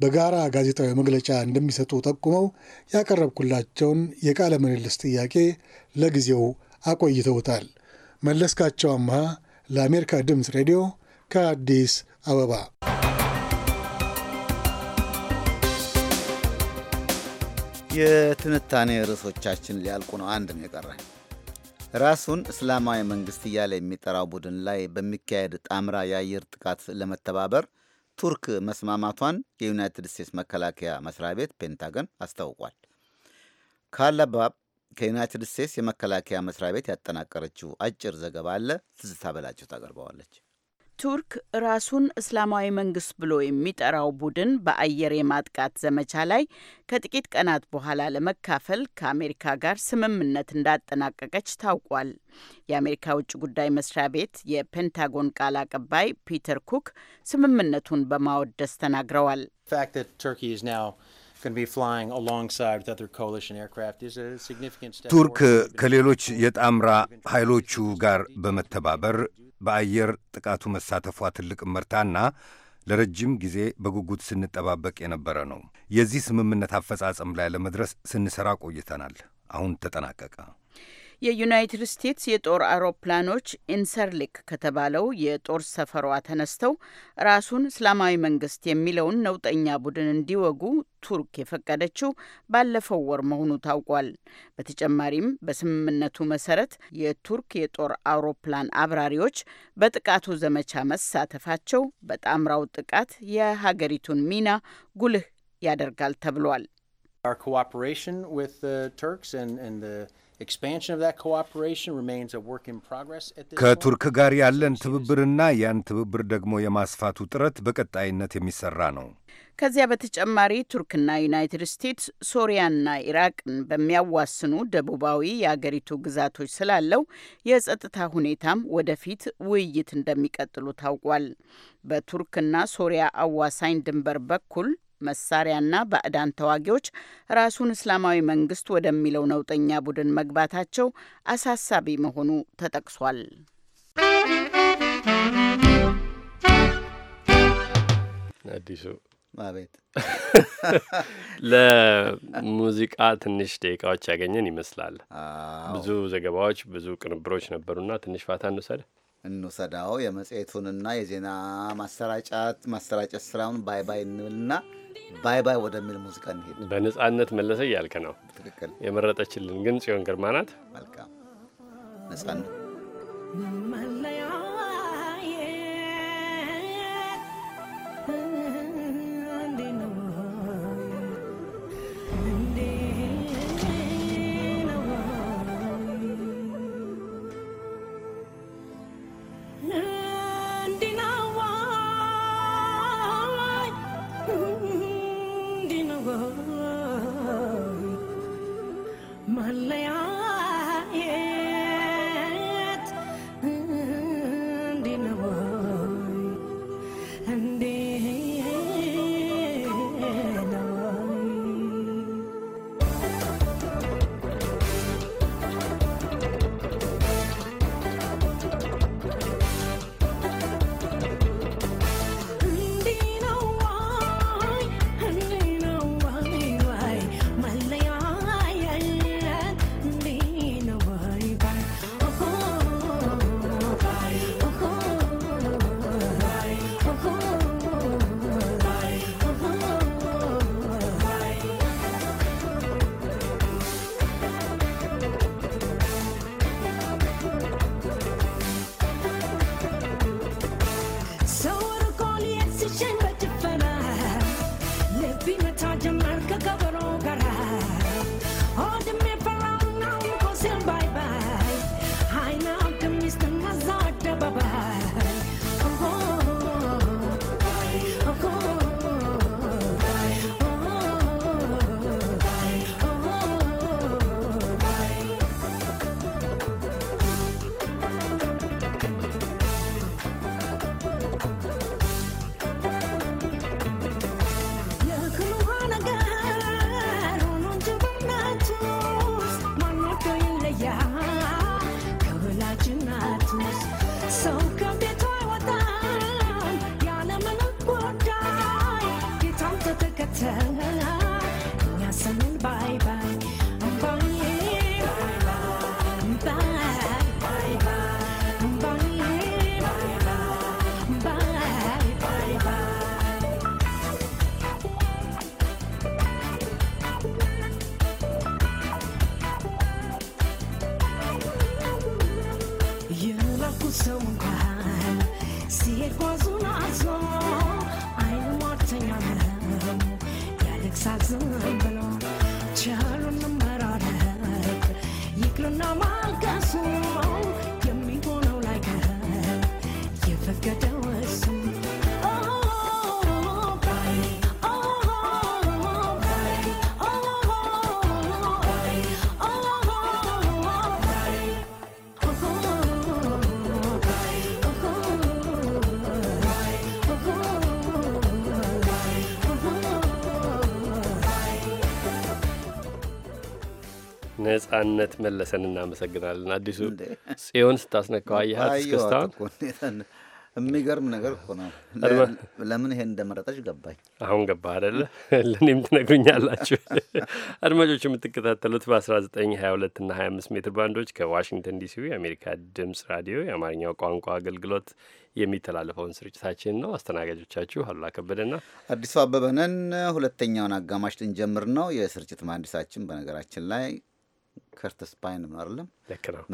በጋራ ጋዜጣዊ መግለጫ እንደሚሰጡ ጠቁመው ያቀረብኩላቸውን የቃለ ምልልስ ጥያቄ ለጊዜው አቆይተውታል። መለስካቸው አምሃ ለአሜሪካ ድምፅ ሬዲዮ ከአዲስ አበባ የትንታኔ ርዕሶቻችን ሊያልቁ ነው። አንድ ነው የቀረ። ራሱን እስላማዊ መንግስት እያለ የሚጠራው ቡድን ላይ በሚካሄድ ጣምራ የአየር ጥቃት ለመተባበር ቱርክ መስማማቷን የዩናይትድ ስቴትስ መከላከያ መስሪያ ቤት ፔንታገን አስታውቋል። ካለባብ ከዩናይትድ ስቴትስ የመከላከያ መስሪያ ቤት ያጠናቀረችው አጭር ዘገባ አለ። ትዝታ በላቸው ታቀርበዋለች። ቱርክ ራሱን እስላማዊ መንግስት ብሎ የሚጠራው ቡድን በአየር የማጥቃት ዘመቻ ላይ ከጥቂት ቀናት በኋላ ለመካፈል ከአሜሪካ ጋር ስምምነት እንዳጠናቀቀች ታውቋል። የአሜሪካ ውጭ ጉዳይ መስሪያ ቤት የፔንታጎን ቃል አቀባይ ፒተር ኩክ ስምምነቱን በማወደስ ተናግረዋል። ቱርክ ከሌሎች የጣምራ ኃይሎቹ ጋር በመተባበር በአየር ጥቃቱ መሳተፏ ትልቅ እመርታና ለረጅም ጊዜ በጉጉት ስንጠባበቅ የነበረ ነው። የዚህ ስምምነት አፈጻጸም ላይ ለመድረስ ስንሰራ ቆይተናል። አሁን ተጠናቀቀ። የዩናይትድ ስቴትስ የጦር አውሮፕላኖች ኢንሰርሊክ ከተባለው የጦር ሰፈሯ ተነስተው ራሱን እስላማዊ መንግስት የሚለውን ነውጠኛ ቡድን እንዲወጉ ቱርክ የፈቀደችው ባለፈው ወር መሆኑ ታውቋል። በተጨማሪም በስምምነቱ መሰረት የቱርክ የጦር አውሮፕላን አብራሪዎች በጥቃቱ ዘመቻ መሳተፋቸው በጣምራው ጥቃት የሀገሪቱን ሚና ጉልህ ያደርጋል ተብሏል። Our cooperation with the Turks and, and the ከቱርክ ጋር ያለን ትብብርና ያን ትብብር ደግሞ የማስፋቱ ጥረት በቀጣይነት የሚሰራ ነው። ከዚያ በተጨማሪ ቱርክና ዩናይትድ ስቴትስ ሶሪያና ኢራቅን በሚያዋስኑ ደቡባዊ የአገሪቱ ግዛቶች ስላለው የጸጥታ ሁኔታም ወደፊት ውይይት እንደሚቀጥሉ ታውቋል። በቱርክና ሶሪያ አዋሳኝ ድንበር በኩል መሳሪያና ባዕዳን ተዋጊዎች ራሱን እስላማዊ መንግስት ወደሚለው ነውጠኛ ቡድን መግባታቸው አሳሳቢ መሆኑ ተጠቅሷል። አዲሱ አቤት [LAUGHS] ለሙዚቃ ትንሽ ደቂቃዎች ያገኘን ይመስላል። ብዙ ዘገባዎች፣ ብዙ ቅንብሮች ነበሩና ትንሽ ፋታ እንውሰድ። እንውሰዳው። የመጽሔቱንና የዜና ማሰራጫት ማሰራጨት ስራውን ባይ ባይ እንብልና ባይ ባይ ወደሚል ሙዚቃ እንሄድ። በነጻነት መለሰ እያልክ ነው። ትክክል። የመረጠችልን ግን ጽዮን ግርማ ናት። መልካም ነጻነት ነጻነት መለሰን እናመሰግናለን። አዲሱ ጽዮን ስታስነካው አየሃት እስክስታሁን የሚገርም ነገር እኮ ነው። ለምን ይሄን እንደመረጠች ገባኝ። አሁን ገባ አደለ? ለእኔም ትነግሩኛላችሁ። አድማጮች የምትከታተሉት በ1922 እና 25 ሜትር ባንዶች ከዋሽንግተን ዲሲ የአሜሪካ ድምጽ ራዲዮ የአማርኛው ቋንቋ አገልግሎት የሚተላለፈውን ስርጭታችን ነው። አስተናጋጆቻችሁ አሉላ ከበደና አዲሱ አበበ ነን። ሁለተኛውን አጋማሽ ልንጀምር ነው። የስርጭት መሀንዲሳችን በነገራችን ላይ ከርተስ ፓይን ነው አይደለም?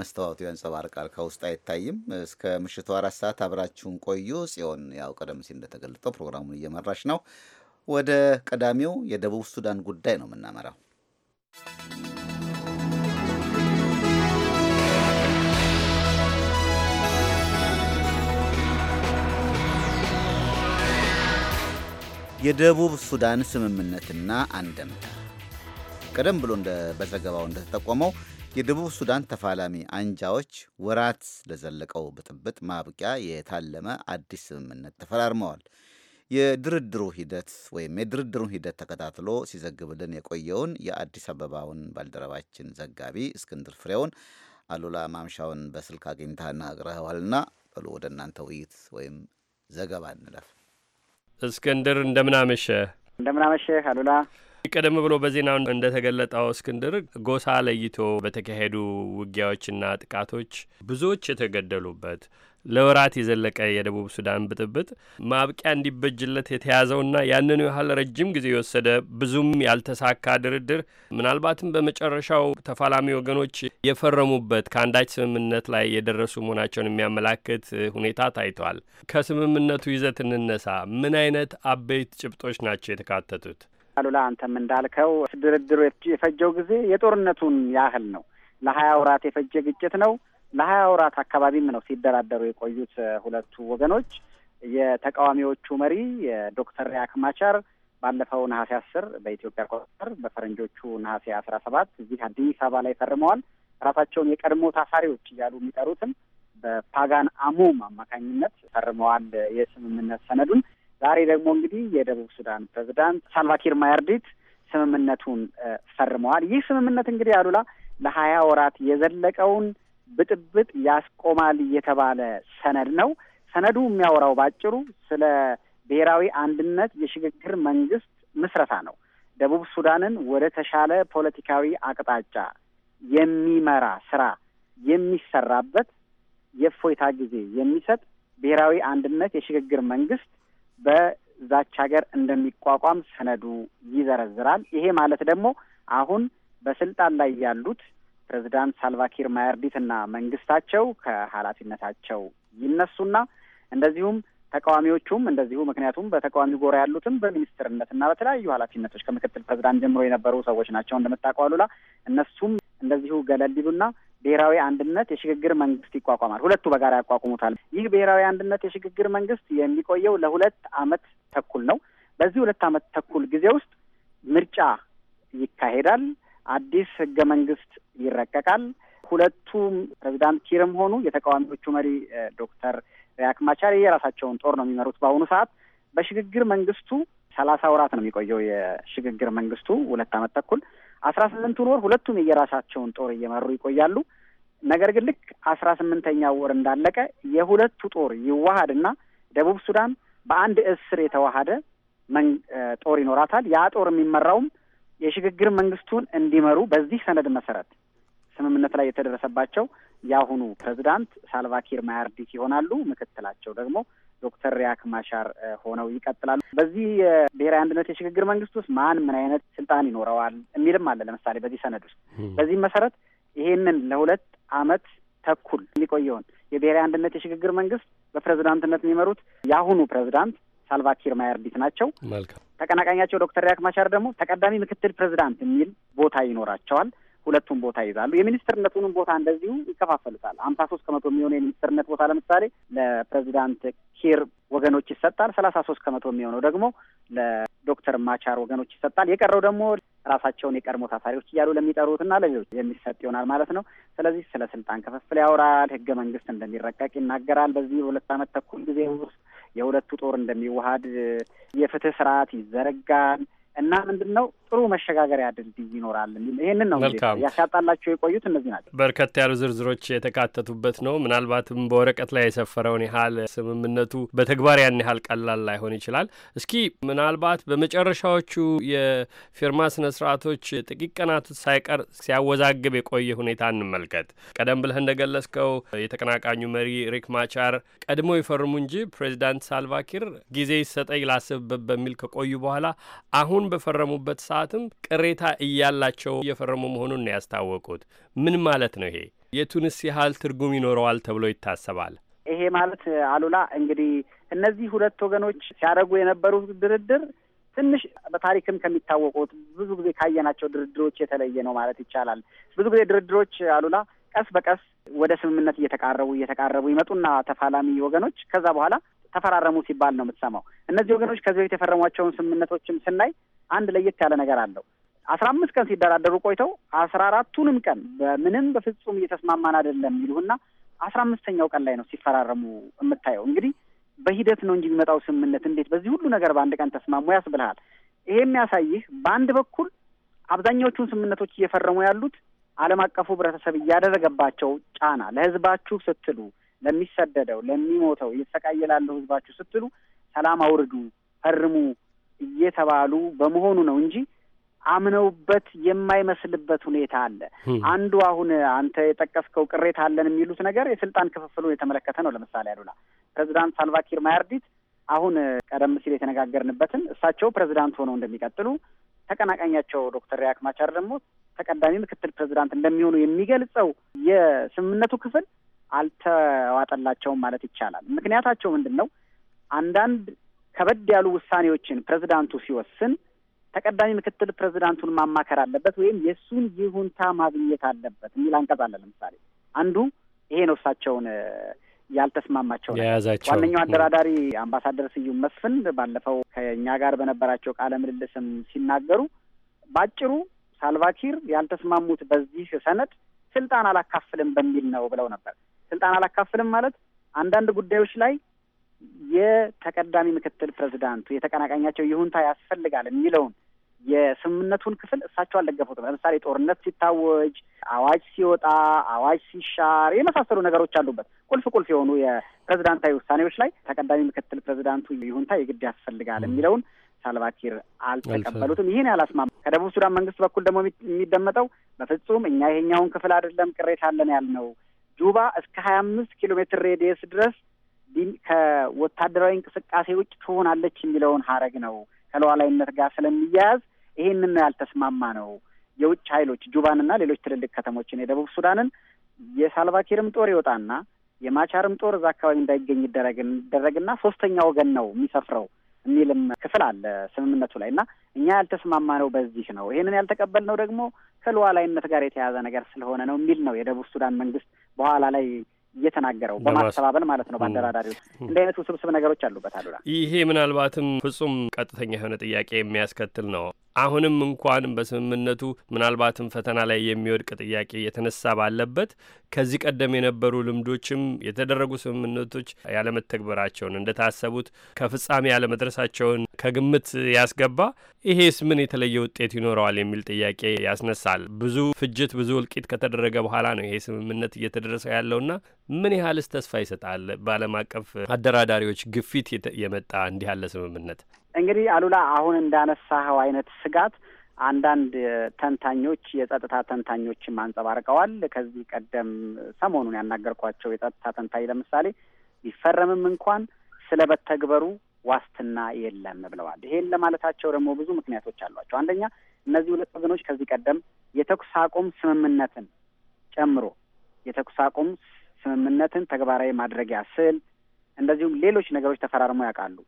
መስተዋቱ ያንጸባርቃል፣ ከውስጥ አይታይም። እስከ ምሽቱ አራት ሰዓት አብራችሁን ቆዩ። ጽዮን ያው ቀደም ሲል እንደተገለጠው ፕሮግራሙን እየመራች ነው። ወደ ቀዳሚው የደቡብ ሱዳን ጉዳይ ነው የምናመራው። የደቡብ ሱዳን ስምምነትና አንደምታ ቀደም ብሎ በዘገባው እንደተጠቆመው የደቡብ ሱዳን ተፋላሚ አንጃዎች ወራት ለዘለቀው ብጥብጥ ማብቂያ የታለመ አዲስ ስምምነት ተፈራርመዋል። የድርድሩ ሂደት ወይም የድርድሩን ሂደት ተከታትሎ ሲዘግብልን የቆየውን የአዲስ አበባውን ባልደረባችን ዘጋቢ እስክንድር ፍሬውን አሉላ ማምሻውን በስልክ አግኝታ አናግረኸዋልና በሉ ወደ እናንተ ውይይት ወይም ዘገባ እንለፍ። እስክንድር እንደምናመሸ እንደምናመሸ አሉላ ቀደም ብሎ በዜናው እንደተገለጠው እስክንድር ጎሳ ለይቶ በተካሄዱ ውጊያዎችና ጥቃቶች ብዙዎች የተገደሉበት ለወራት የዘለቀ የደቡብ ሱዳን ብጥብጥ ማብቂያ እንዲበጅለት የተያዘውና ያንኑ ያህል ረጅም ጊዜ የወሰደ ብዙም ያልተሳካ ድርድር ምናልባትም በመጨረሻው ተፋላሚ ወገኖች የፈረሙበት ከአንዳች ስምምነት ላይ የደረሱ መሆናቸውን የሚያመላክት ሁኔታ ታይቷል። ከስምምነቱ ይዘት እንነሳ። ምን አይነት አበይት ጭብጦች ናቸው የተካተቱት? አሉላ አንተም እንዳልከው ድርድሩ የፈጀው ጊዜ የጦርነቱን ያህል ነው። ለሀያ ወራት የፈጀ ግጭት ነው። ለሀያ ወራት አካባቢም ነው ሲደራደሩ የቆዩት ሁለቱ ወገኖች። የተቃዋሚዎቹ መሪ የዶክተር ሪያክ ማቻር ባለፈው ነሐሴ አስር በኢትዮጵያ አቆጣጠር በፈረንጆቹ ነሐሴ አስራ ሰባት እዚህ አዲስ አበባ ላይ ፈርመዋል። ራሳቸውን የቀድሞ ታሳሪዎች እያሉ የሚጠሩትም በፓጋን አሞም አማካኝነት ፈርመዋል የስምምነት ሰነዱን። ዛሬ ደግሞ እንግዲህ የደቡብ ሱዳን ፕሬዚዳንት ሳልቫኪር ማያርዲት ስምምነቱን ፈርመዋል። ይህ ስምምነት እንግዲህ አሉላ ለሀያ ወራት የዘለቀውን ብጥብጥ ያስቆማል የተባለ ሰነድ ነው። ሰነዱ የሚያወራው ባጭሩ ስለ ብሔራዊ አንድነት የሽግግር መንግስት ምስረታ ነው። ደቡብ ሱዳንን ወደ ተሻለ ፖለቲካዊ አቅጣጫ የሚመራ ስራ የሚሰራበት የእፎይታ ጊዜ የሚሰጥ ብሔራዊ አንድነት የሽግግር መንግስት በዛች ሀገር እንደሚቋቋም ሰነዱ ይዘረዝራል። ይሄ ማለት ደግሞ አሁን በስልጣን ላይ ያሉት ፕሬዚዳንት ሳልቫኪር ማያርዲት እና መንግስታቸው ከኃላፊነታቸው ይነሱና እንደዚሁም ተቃዋሚዎቹም እንደዚሁ ምክንያቱም በተቃዋሚ ጎራ ያሉትም በሚኒስትርነት እና በተለያዩ ኃላፊነቶች ከምክትል ፕሬዚዳንት ጀምሮ የነበሩ ሰዎች ናቸው እንደምታውቀው አሉላ እነሱም እንደዚሁ ገለል ይሉና ብሔራዊ አንድነት የሽግግር መንግስት ይቋቋማል። ሁለቱ በጋራ ያቋቁሙታል። ይህ ብሔራዊ አንድነት የሽግግር መንግስት የሚቆየው ለሁለት አመት ተኩል ነው። በዚህ ሁለት አመት ተኩል ጊዜ ውስጥ ምርጫ ይካሄዳል። አዲስ ህገ መንግስት ይረቀቃል። ሁለቱም ፕሬዚዳንት ኪርም ሆኑ የተቃዋሚዎቹ መሪ ዶክተር ሪያክ ማቻር የራሳቸውን ጦር ነው የሚመሩት። በአሁኑ ሰዓት በሽግግር መንግስቱ ሰላሳ ወራት ነው የሚቆየው የሽግግር መንግስቱ ሁለት አመት ተኩል አስራ ስምንቱን ወር ሁለቱም የየራሳቸውን ጦር እየመሩ ይቆያሉ። ነገር ግን ልክ አስራ ስምንተኛው ወር እንዳለቀ የሁለቱ ጦር ይዋሃድና ደቡብ ሱዳን በአንድ እስር የተዋሃደ ጦር ይኖራታል። ያ ጦር የሚመራውም የሽግግር መንግስቱን እንዲመሩ በዚህ ሰነድ መሰረት ስምምነት ላይ የተደረሰባቸው የአሁኑ ፕሬዚዳንት ሳልቫኪር ማያርዲት ይሆናሉ። ምክትላቸው ደግሞ ዶክተር ሪያክ ማሻር ሆነው ይቀጥላሉ። በዚህ የብሔራዊ አንድነት የሽግግር መንግስት ውስጥ ማን ምን አይነት ስልጣን ይኖረዋል የሚልም አለ። ለምሳሌ በዚህ ሰነድ ውስጥ በዚህም መሰረት ይሄንን ለሁለት አመት ተኩል የሚቆየውን የብሔራዊ አንድነት የሽግግር መንግስት በፕሬዝዳንትነት የሚመሩት የአሁኑ ፕሬዝዳንት ሳልቫኪር ማያርዲት ናቸው። ተቀናቃኛቸው ዶክተር ሪያክ ማሻር ደግሞ ተቀዳሚ ምክትል ፕሬዝዳንት የሚል ቦታ ይኖራቸዋል። ሁለቱም ቦታ ይይዛሉ። የሚኒስትርነቱንም ቦታ እንደዚሁ ይከፋፈሉታል። ሃምሳ ሶስት ከመቶ የሚሆነው የሚኒስትርነት ቦታ ለምሳሌ ለፕሬዚዳንት ኪር ወገኖች ይሰጣል። ሰላሳ ሶስት ከመቶ የሚሆነው ደግሞ ለዶክተር ማቻር ወገኖች ይሰጣል። የቀረው ደግሞ ራሳቸውን የቀድሞ ታሳሪዎች እያሉ ለሚጠሩትና ለሌሎች የሚሰጥ ይሆናል ማለት ነው። ስለዚህ ስለ ስልጣን ክፍፍል ያወራል። ህገ መንግስት እንደሚረቀቅ ይናገራል። በዚህ ሁለት አመት ተኩል ጊዜ ውስጥ የሁለቱ ጦር እንደሚዋሀድ የፍትህ ስርዓት ይዘረጋል እና ምንድን ነው ጥሩ መሸጋገሪያ ድልድይ ይኖራል የሚል ይህንን ነው መልካም ያሳጣላቸው የቆዩት እነዚህ ናቸው። በርከት ያሉ ዝርዝሮች የተካተቱበት ነው። ምናልባትም በወረቀት ላይ የሰፈረውን ያህል ስምምነቱ በተግባር ያን ያህል ቀላል ላይሆን ይችላል። እስኪ ምናልባት በመጨረሻዎቹ የፊርማ ስነ ስርዓቶች ጥቂት ቀናት ሳይቀር ሲያወዛግብ የቆየ ሁኔታ እንመልከት። ቀደም ብለህ እንደገለጽከው የተቀናቃኙ መሪ ሪክ ማቻር ቀድሞ ይፈርሙ እንጂ ፕሬዚዳንት ሳልቫኪር ጊዜ ይሰጠኝ ላስብበት በሚል ከቆዩ በኋላ አሁን በፈረሙበት ሰ ሰዓትም ቅሬታ እያላቸው እየፈረሙ መሆኑን ነው ያስታወቁት። ምን ማለት ነው ይሄ? የቱንስ ያህል ትርጉም ይኖረዋል ተብሎ ይታሰባል? ይሄ ማለት አሉላ እንግዲህ እነዚህ ሁለት ወገኖች ሲያደርጉ የነበሩት ድርድር ትንሽ በታሪክም ከሚታወቁት ብዙ ጊዜ ካየናቸው ድርድሮች የተለየ ነው ማለት ይቻላል። ብዙ ጊዜ ድርድሮች አሉላ ቀስ በቀስ ወደ ስምምነት እየተቃረቡ እየተቃረቡ ይመጡና ተፋላሚ ወገኖች ከዛ በኋላ ተፈራረሙ ሲባል ነው የምትሰማው። እነዚህ ወገኖች ከዚህ በፊት የፈረሟቸውን ስምምነቶችም ስናይ አንድ ለየት ያለ ነገር አለው። አስራ አምስት ቀን ሲደራደሩ ቆይተው አስራ አራቱንም ቀን በምንም በፍጹም እየተስማማን አይደለም ይሉና አስራ አምስተኛው ቀን ላይ ነው ሲፈራረሙ የምታየው። እንግዲህ በሂደት ነው እንጂ የሚመጣው ስምምነት እንዴት በዚህ ሁሉ ነገር በአንድ ቀን ተስማሙ ያስብልሃል። ይሄ የሚያሳይህ በአንድ በኩል አብዛኛዎቹን ስምምነቶች እየፈረሙ ያሉት ዓለም አቀፉ ህብረተሰብ እያደረገባቸው ጫና ለህዝባችሁ ስትሉ ለሚሰደደው፣ ለሚሞተው፣ እየተሰቃየ ላለው ህዝባችሁ ስትሉ ሰላም አውርዱ፣ ፈርሙ እየተባሉ በመሆኑ ነው እንጂ አምነውበት የማይመስልበት ሁኔታ አለ። አንዱ አሁን አንተ የጠቀስከው ቅሬታ አለን የሚሉት ነገር የስልጣን ክፍፍሉን የተመለከተ ነው። ለምሳሌ አሉላ ፕሬዚዳንት ሳልቫኪር ማያርዲት አሁን ቀደም ሲል የተነጋገርንበትን እሳቸው ፕሬዚዳንት ሆነው እንደሚቀጥሉ ተቀናቃኛቸው ዶክተር ሪያክ ማቻር ደግሞ ተቀዳሚ ምክትል ፕሬዚዳንት እንደሚሆኑ የሚገልጸው የስምምነቱ ክፍል አልተዋጠላቸውም ማለት ይቻላል። ምክንያታቸው ምንድን ነው? አንዳንድ ከበድ ያሉ ውሳኔዎችን ፕሬዚዳንቱ ሲወስን ተቀዳሚ ምክትል ፕሬዚዳንቱን ማማከር አለበት ወይም የእሱን ይሁንታ ማግኘት አለበት የሚል አንቀጽ አለ። ለምሳሌ አንዱ ይሄ ነው እሳቸውን ያልተስማማቸው የያዛቸው ዋነኛው አደራዳሪ አምባሳደር ስዩም መስፍን ባለፈው ከእኛ ጋር በነበራቸው ቃለ ምልልስም ሲናገሩ ባጭሩ ሳልቫኪር ያልተስማሙት በዚህ ሰነድ ስልጣን አላካፍልም በሚል ነው ብለው ነበር። ስልጣን አላካፍልም ማለት አንዳንድ ጉዳዮች ላይ የተቀዳሚ ምክትል ፕሬዚዳንቱ የተቀናቃኛቸው ይሁንታ ያስፈልጋል የሚለውን የስምምነቱን ክፍል እሳቸው አልደገፉትም። ለምሳሌ ጦርነት ሲታወጅ፣ አዋጅ ሲወጣ፣ አዋጅ ሲሻር የመሳሰሉ ነገሮች አሉበት። ቁልፍ ቁልፍ የሆኑ የፕሬዚዳንታዊ ውሳኔዎች ላይ ተቀዳሚ ምክትል ፕሬዚዳንቱ ይሁንታ የግድ ያስፈልጋል የሚለውን ሳልቫኪር አልተቀበሉትም። ይህን ያላስማም ከደቡብ ሱዳን መንግስት በኩል ደግሞ የሚደመጠው በፍጹም እኛ ይሄኛውን ክፍል አይደለም ቅሬታ አለን ያልነው ጁባ እስከ ሀያ አምስት ኪሎ ሜትር ሬዲየስ ድረስ ከወታደራዊ እንቅስቃሴ ውጭ ትሆናለች የሚለውን ሀረግ ነው ከሉዓላዊነት ጋር ስለሚያያዝ ይሄንን ነው ያልተስማማ ነው። የውጭ ኃይሎች ጁባንና ሌሎች ትልልቅ ከተሞችን የደቡብ ሱዳንን የሳልቫኪርም ጦር ይወጣና የማቻርም ጦር እዛ አካባቢ እንዳይገኝ ይደረግና ሶስተኛ ወገን ነው የሚሰፍረው የሚልም ክፍል አለ ስምምነቱ ላይ እና እኛ ያልተስማማነው በዚህ ነው፣ ይህንን ያልተቀበልነው ደግሞ ከሉዓላዊነት ጋር የተያያዘ ነገር ስለሆነ ነው የሚል ነው የደቡብ ሱዳን መንግስት በኋላ ላይ እየተናገረው በማስተባበል ማለት ነው። በአደራዳሪዎች እንደ አይነት ውስብስብ ነገሮች አሉበት። አሉላ ይሄ ምናልባትም ፍጹም ቀጥተኛ የሆነ ጥያቄ የሚያስከትል ነው። አሁንም እንኳን በስምምነቱ ምናልባትም ፈተና ላይ የሚወድቅ ጥያቄ እየተነሳ ባለበት ከዚህ ቀደም የነበሩ ልምዶችም የተደረጉ ስምምነቶች ያለመተግበራቸውን እንደታሰቡት ከፍጻሜ ያለመድረሳቸውን ከግምት ያስገባ ይሄስ ምን የተለየ ውጤት ይኖረዋል የሚል ጥያቄ ያስነሳል። ብዙ ፍጅት፣ ብዙ እልቂት ከተደረገ በኋላ ነው ይሄ ስምምነት እየተደረሰ ያለውና ምን ያህልስ ተስፋ ይሰጣል? በዓለም አቀፍ አደራዳሪዎች ግፊት የመጣ እንዲህ ያለ ስምምነት እንግዲህ አሉላ አሁን እንዳነሳኸው አይነት ስጋት አንዳንድ ተንታኞች የጸጥታ ተንታኞችም አንጸባርቀዋል። ከዚህ ቀደም ሰሞኑን ያናገርኳቸው የጸጥታ ተንታኝ ለምሳሌ ቢፈረምም እንኳን ስለ በተግበሩ ዋስትና የለም ብለዋል። ይሄን ለማለታቸው ደግሞ ብዙ ምክንያቶች አሏቸው። አንደኛ እነዚህ ሁለት ወገኖች ከዚህ ቀደም የተኩስ አቁም ስምምነትን ጨምሮ የተኩስ አቁም ስምምነትን ተግባራዊ ማድረጊያ ስል እንደዚሁም ሌሎች ነገሮች ተፈራርሞ ያውቃሉ።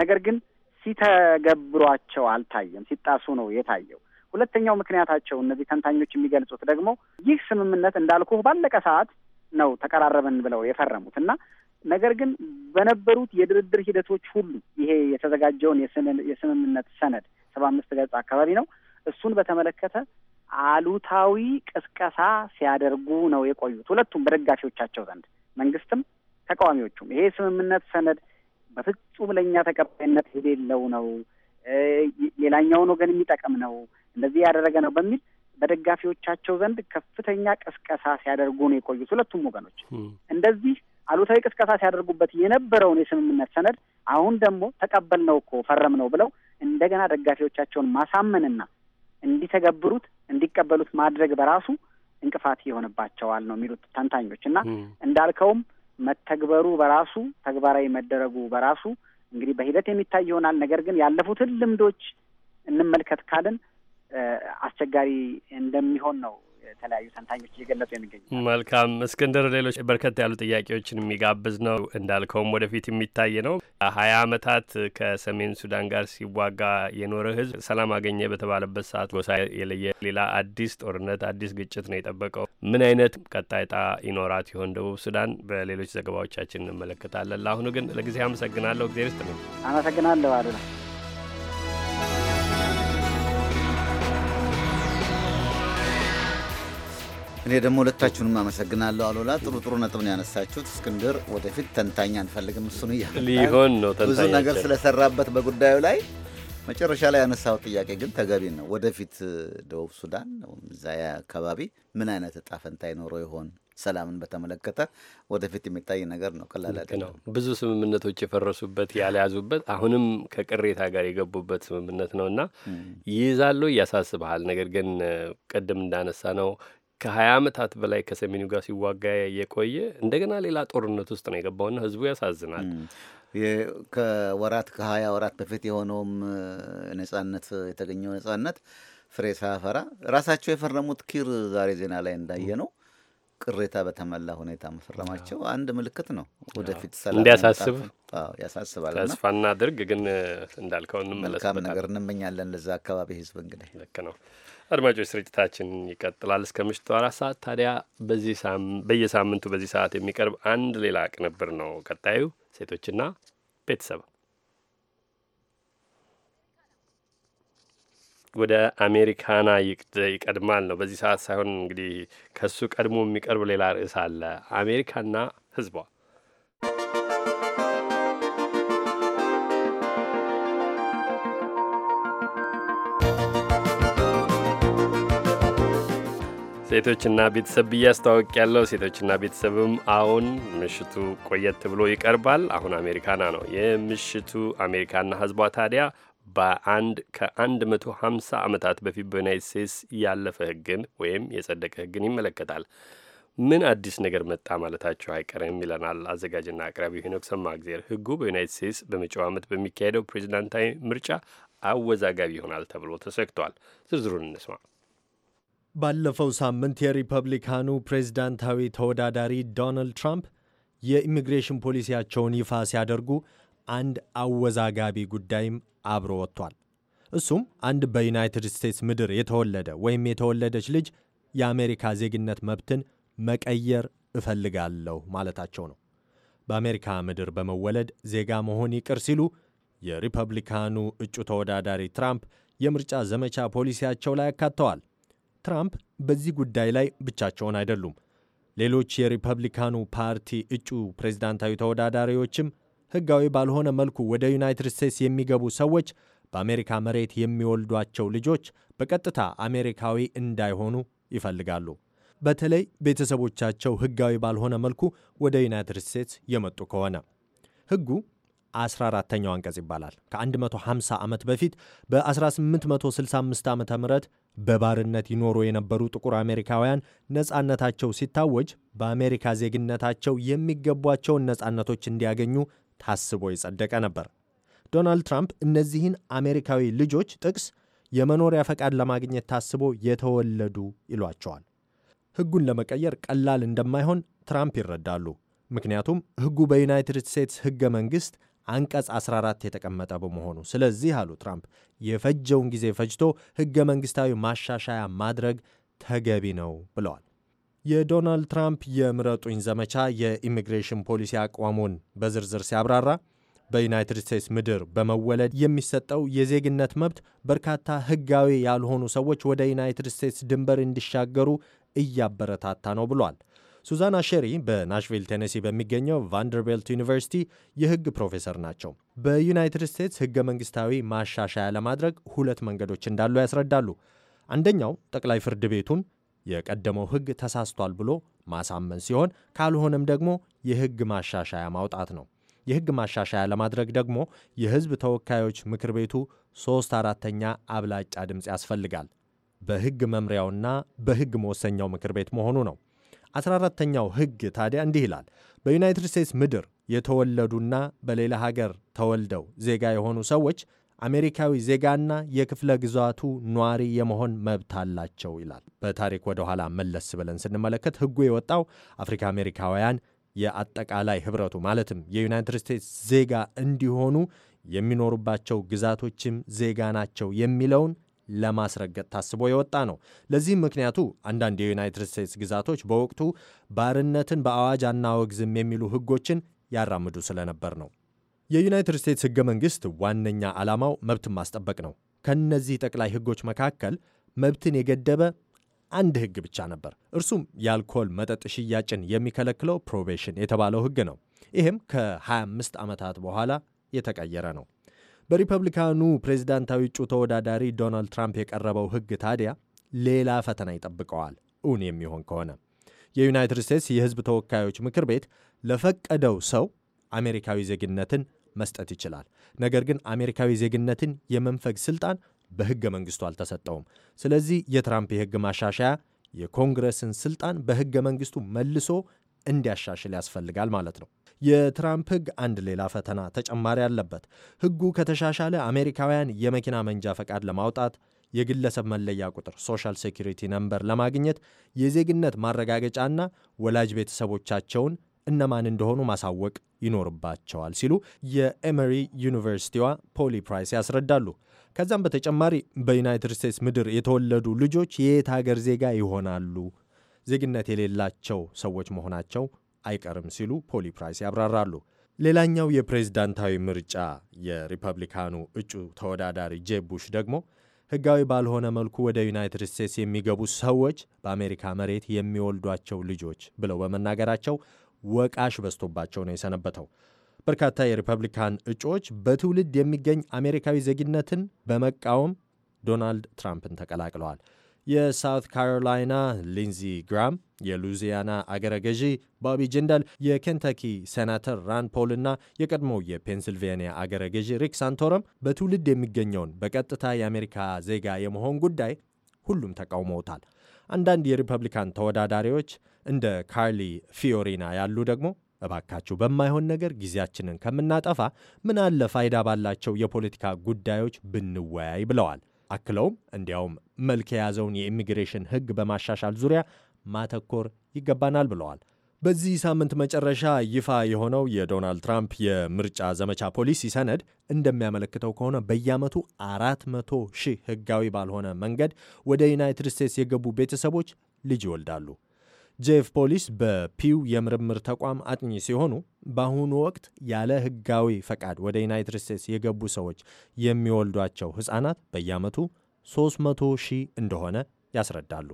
ነገር ግን ሲተገብሯቸው አልታየም፣ ሲጣሱ ነው የታየው። ሁለተኛው ምክንያታቸው እነዚህ ተንታኞች የሚገልጹት ደግሞ ይህ ስምምነት እንዳልኩህ ባለቀ ሰዓት ነው ተቀራረብን ብለው የፈረሙት እና ነገር ግን በነበሩት የድርድር ሂደቶች ሁሉ ይሄ የተዘጋጀውን የስምምነት ሰነድ ሰባ አምስት ገጽ አካባቢ ነው። እሱን በተመለከተ አሉታዊ ቅስቀሳ ሲያደርጉ ነው የቆዩት ሁለቱም በደጋፊዎቻቸው ዘንድ መንግስትም ተቃዋሚዎቹም። ይሄ ስምምነት ሰነድ በፍጹም ለእኛ ተቀባይነት የሌለው ነው፣ ሌላኛውን ወገን የሚጠቅም ነው፣ እንደዚህ ያደረገ ነው በሚል በደጋፊዎቻቸው ዘንድ ከፍተኛ ቅስቀሳ ሲያደርጉ ነው የቆዩት። ሁለቱም ወገኖች እንደዚህ አሉታዊ ቅስቀሳ ሲያደርጉበት የነበረውን የስምምነት ሰነድ አሁን ደግሞ ተቀበል ነው እኮ ፈረም ነው ብለው እንደገና ደጋፊዎቻቸውን ማሳመንና እንዲተገብሩት እንዲቀበሉት ማድረግ በራሱ እንቅፋት ይሆንባቸዋል ነው የሚሉት ተንታኞች። እና እንዳልከውም መተግበሩ በራሱ ተግባራዊ መደረጉ በራሱ እንግዲህ በሂደት የሚታይ ይሆናል። ነገር ግን ያለፉትን ልምዶች እንመልከት ካልን አስቸጋሪ እንደሚሆን ነው የተለያዩ ተንታኞች እየገለጹ የሚገኙ መልካም እስክንድር፣ ሌሎች በርከት ያሉ ጥያቄዎችን የሚጋብዝ ነው እንዳልከውም ወደፊት የሚታይ ነው። ሀያ አመታት ከሰሜን ሱዳን ጋር ሲዋጋ የኖረ ህዝብ ሰላም አገኘ በተባለበት ሰዓት ጎሳ የለየ ሌላ አዲስ ጦርነት አዲስ ግጭት ነው የጠበቀው። ምን አይነት ቀጣይ ይኖራት ይሆን ደቡብ ሱዳን? በሌሎች ዘገባዎቻችን እንመለከታለን። ለአሁኑ ግን ለጊዜ አመሰግናለሁ። እግዜር ይስጥልኝ። አመሰግናለሁ አሉላ። እኔ ደግሞ ሁለታችሁንም አመሰግናለሁ። አሉላ ጥሩ ጥሩ ነጥብ ነው ያነሳችሁት። እስክንድር ወደፊት ተንታኝ አንፈልግም፣ እሱን ሊሆን ነው ብዙ ነገር ስለሰራበት በጉዳዩ ላይ መጨረሻ ላይ ያነሳው ጥያቄ ግን ተገቢ ነው። ወደፊት ደቡብ ሱዳን እዛ አካባቢ ምን አይነት እጣ ፈንታ ይኖረው ይሆን? ሰላምን በተመለከተ ወደፊት የሚታይ ነገር ነው። ቀላል ነው። ብዙ ስምምነቶች የፈረሱበት ያልያዙበት፣ አሁንም ከቅሬታ ጋር የገቡበት ስምምነት ነው እና ይይዛሉ፣ ያሳስበሃል። ነገር ግን ቅድም እንዳነሳ ነው ከሀያ ዓመታት በላይ ከሰሜኑ ጋር ሲዋጋ የቆየ እንደገና ሌላ ጦርነት ውስጥ ነው የገባውና ህዝቡ ያሳዝናል። ከወራት ከሀያ ወራት በፊት የሆነውም ነጻነት የተገኘው ነጻነት ፍሬ ሳያፈራ ራሳቸው የፈረሙት ኪር ዛሬ ዜና ላይ እንዳየ ነው ቅሬታ በተሞላ ሁኔታ መፈረማቸው አንድ ምልክት ነው። ወደፊት ሰላም እንዲያሳስብ ያሳስባል። ተስፋ እናድርግ። ግን እንዳልከው እንመለስበታል። መልካም ነገር እንመኛለን ለዛ አካባቢ ህዝብ። እንግዲህ ልክ ነው። አድማጮች ስርጭታችን ይቀጥላል እስከ ምሽቱ አራት ሰዓት። ታዲያ በየሳምንቱ በዚህ ሰዓት የሚቀርብ አንድ ሌላ ቅንብር ነው ቀጣዩ ሴቶችና ቤተሰብ። ወደ አሜሪካና ይቀድማል ነው በዚህ ሰዓት ሳይሆን እንግዲህ ከሱ ቀድሞ የሚቀርብ ሌላ ርዕስ አለ። አሜሪካና ህዝቧ ሴቶችና ቤተሰብ ብዬ አስተዋወቅ ያለው ሴቶችና ቤተሰብም አሁን ምሽቱ ቆየት ብሎ ይቀርባል። አሁን አሜሪካና ነው የምሽቱ አሜሪካና ህዝቧ ታዲያ በአንድ ከ150 ዓመታት በፊት በዩናይት ስቴትስ ያለፈ ህግን ወይም የጸደቀ ህግን ይመለከታል። ምን አዲስ ነገር መጣ ማለታቸው አይቀርም ይለናል አዘጋጅና አቅራቢ ሄኖክ ሰማእግዜር። ህጉ በዩናይት ስቴትስ በመጪው ዓመት በሚካሄደው ፕሬዚዳንታዊ ምርጫ አወዛጋቢ ይሆናል ተብሎ ተሰግቷል። ዝርዝሩን እንስማ። ባለፈው ሳምንት የሪፐብሊካኑ ፕሬዝዳንታዊ ተወዳዳሪ ዶናልድ ትራምፕ የኢሚግሬሽን ፖሊሲያቸውን ይፋ ሲያደርጉ አንድ አወዛጋቢ ጉዳይም አብሮ ወጥቷል። እሱም አንድ በዩናይትድ ስቴትስ ምድር የተወለደ ወይም የተወለደች ልጅ የአሜሪካ ዜግነት መብትን መቀየር እፈልጋለሁ ማለታቸው ነው። በአሜሪካ ምድር በመወለድ ዜጋ መሆን ይቅር ሲሉ የሪፐብሊካኑ እጩ ተወዳዳሪ ትራምፕ የምርጫ ዘመቻ ፖሊሲያቸው ላይ አካተዋል። ትራምፕ በዚህ ጉዳይ ላይ ብቻቸውን አይደሉም። ሌሎች የሪፐብሊካኑ ፓርቲ እጩ ፕሬዝዳንታዊ ተወዳዳሪዎችም ሕጋዊ ባልሆነ መልኩ ወደ ዩናይትድ ስቴትስ የሚገቡ ሰዎች በአሜሪካ መሬት የሚወልዷቸው ልጆች በቀጥታ አሜሪካዊ እንዳይሆኑ ይፈልጋሉ። በተለይ ቤተሰቦቻቸው ሕጋዊ ባልሆነ መልኩ ወደ ዩናይትድ ስቴትስ የመጡ ከሆነ ሕጉ 14ተኛው አንቀጽ ይባላል። ከ150 ዓመት በፊት በ1865 ዓ ም በባርነት ይኖሩ የነበሩ ጥቁር አሜሪካውያን ነፃነታቸው ሲታወጅ በአሜሪካ ዜግነታቸው የሚገቧቸውን ነፃነቶች እንዲያገኙ ታስቦ የጸደቀ ነበር። ዶናልድ ትራምፕ እነዚህን አሜሪካዊ ልጆች ጥቅስ የመኖሪያ ፈቃድ ለማግኘት ታስቦ የተወለዱ ይሏቸዋል። ሕጉን ለመቀየር ቀላል እንደማይሆን ትራምፕ ይረዳሉ። ምክንያቱም ሕጉ በዩናይትድ ስቴትስ ሕገ መንግሥት አንቀጽ 14 የተቀመጠ በመሆኑ ስለዚህ አሉ ትራምፕ የፈጀውን ጊዜ ፈጅቶ ሕገ መንግሥታዊ ማሻሻያ ማድረግ ተገቢ ነው ብለዋል። የዶናልድ ትራምፕ የምረጡኝ ዘመቻ የኢሚግሬሽን ፖሊሲ አቋሙን በዝርዝር ሲያብራራ በዩናይትድ ስቴትስ ምድር በመወለድ የሚሰጠው የዜግነት መብት በርካታ ሕጋዊ ያልሆኑ ሰዎች ወደ ዩናይትድ ስቴትስ ድንበር እንዲሻገሩ እያበረታታ ነው ብሏል። ሱዛና ሼሪ በናሽቪል ቴነሲ በሚገኘው ቫንደርቤልት ዩኒቨርሲቲ የሕግ ፕሮፌሰር ናቸው። በዩናይትድ ስቴትስ ሕገ መንግሥታዊ ማሻሻያ ለማድረግ ሁለት መንገዶች እንዳሉ ያስረዳሉ። አንደኛው ጠቅላይ ፍርድ ቤቱን የቀደመው ሕግ ተሳስቷል ብሎ ማሳመን ሲሆን፣ ካልሆነም ደግሞ የሕግ ማሻሻያ ማውጣት ነው። የሕግ ማሻሻያ ለማድረግ ደግሞ የሕዝብ ተወካዮች ምክር ቤቱ ሦስት አራተኛ አብላጫ ድምፅ ያስፈልጋል። በሕግ መምሪያውና በሕግ መወሰኛው ምክር ቤት መሆኑ ነው። 14ተኛው ህግ ታዲያ እንዲህ ይላል። በዩናይትድ ስቴትስ ምድር የተወለዱና በሌላ ሀገር ተወልደው ዜጋ የሆኑ ሰዎች አሜሪካዊ ዜጋና የክፍለ ግዛቱ ኗሪ የመሆን መብት አላቸው ይላል። በታሪክ ወደ ኋላ መለስ ብለን ስንመለከት ህጉ የወጣው አፍሪካ አሜሪካውያን የአጠቃላይ ህብረቱ ማለትም የዩናይትድ ስቴትስ ዜጋ እንዲሆኑ የሚኖሩባቸው ግዛቶችም ዜጋ ናቸው የሚለውን ለማስረገጥ ታስቦ የወጣ ነው። ለዚህም ምክንያቱ አንዳንድ የዩናይትድ ስቴትስ ግዛቶች በወቅቱ ባርነትን በአዋጅ አናወግዝም የሚሉ ህጎችን ያራምዱ ስለነበር ነው። የዩናይትድ ስቴትስ ህገ መንግሥት ዋነኛ ዓላማው መብትን ማስጠበቅ ነው። ከነዚህ ጠቅላይ ህጎች መካከል መብትን የገደበ አንድ ህግ ብቻ ነበር። እርሱም የአልኮል መጠጥ ሽያጭን የሚከለክለው ፕሮቤሽን የተባለው ህግ ነው። ይህም ከ25 ዓመታት በኋላ የተቀየረ ነው። በሪፐብሊካኑ ፕሬዚዳንታዊ እጩ ተወዳዳሪ ዶናልድ ትራምፕ የቀረበው ሕግ ታዲያ ሌላ ፈተና ይጠብቀዋል እውን የሚሆን ከሆነ የዩናይትድ ስቴትስ የሕዝብ ተወካዮች ምክር ቤት ለፈቀደው ሰው አሜሪካዊ ዜግነትን መስጠት ይችላል። ነገር ግን አሜሪካዊ ዜግነትን የመንፈግ ስልጣን በሕገ መንግስቱ አልተሰጠውም። ስለዚህ የትራምፕ የሕግ ማሻሻያ የኮንግረስን ስልጣን በሕገ መንግስቱ መልሶ እንዲያሻሽል ያስፈልጋል ማለት ነው። የትራምፕ ህግ አንድ ሌላ ፈተና ተጨማሪ አለበት። ህጉ ከተሻሻለ አሜሪካውያን የመኪና መንጃ ፈቃድ ለማውጣት የግለሰብ መለያ ቁጥር ሶሻል ሴኩሪቲ ነምበር ለማግኘት የዜግነት ማረጋገጫና ወላጅ ቤተሰቦቻቸውን እነማን እንደሆኑ ማሳወቅ ይኖርባቸዋል ሲሉ የኤመሪ ዩኒቨርሲቲዋ ፖሊ ፕራይስ ያስረዳሉ። ከዛም በተጨማሪ በዩናይትድ ስቴትስ ምድር የተወለዱ ልጆች የየት ሀገር ዜጋ ይሆናሉ? ዜግነት የሌላቸው ሰዎች መሆናቸው አይቀርም ሲሉ ፖሊ ፕራይስ ያብራራሉ። ሌላኛው የፕሬዝዳንታዊ ምርጫ የሪፐብሊካኑ እጩ ተወዳዳሪ ጄብ ቡሽ ደግሞ ሕጋዊ ባልሆነ መልኩ ወደ ዩናይትድ ስቴትስ የሚገቡ ሰዎች በአሜሪካ መሬት የሚወልዷቸው ልጆች ብለው በመናገራቸው ወቃሽ በዝቶባቸው ነው የሰነበተው። በርካታ የሪፐብሊካን እጩዎች በትውልድ የሚገኝ አሜሪካዊ ዜግነትን በመቃወም ዶናልድ ትራምፕን ተቀላቅለዋል። የሳውት ካሮላይና ሊንዚ ግራም፣ የሉዚያና አገረ ገዢ ባቢ ጂንዳል፣ የኬንታኪ ሴናተር ራን ፖል እና የቀድሞው የፔንስልቬንያ አገረ ገዢ ሪክ ሳንቶረም በትውልድ የሚገኘውን በቀጥታ የአሜሪካ ዜጋ የመሆን ጉዳይ ሁሉም ተቃውመውታል። አንዳንድ የሪፐብሊካን ተወዳዳሪዎች እንደ ካርሊ ፊዮሪና ያሉ ደግሞ እባካችሁ በማይሆን ነገር ጊዜያችንን ከምናጠፋ ምን አለ ፋይዳ ባላቸው የፖለቲካ ጉዳዮች ብንወያይ ብለዋል። አክለውም እንዲያውም መልክ የያዘውን የኢሚግሬሽን ሕግ በማሻሻል ዙሪያ ማተኮር ይገባናል ብለዋል። በዚህ ሳምንት መጨረሻ ይፋ የሆነው የዶናልድ ትራምፕ የምርጫ ዘመቻ ፖሊሲ ሰነድ እንደሚያመለክተው ከሆነ በየዓመቱ አራት መቶ ሺህ ሕጋዊ ባልሆነ መንገድ ወደ ዩናይትድ ስቴትስ የገቡ ቤተሰቦች ልጅ ይወልዳሉ። ጄፍ ፖሊስ በፒው የምርምር ተቋም አጥኚ ሲሆኑ በአሁኑ ወቅት ያለ ሕጋዊ ፈቃድ ወደ ዩናይትድ ስቴትስ የገቡ ሰዎች የሚወልዷቸው ሕፃናት በየዓመቱ 300 ሺህ እንደሆነ ያስረዳሉ።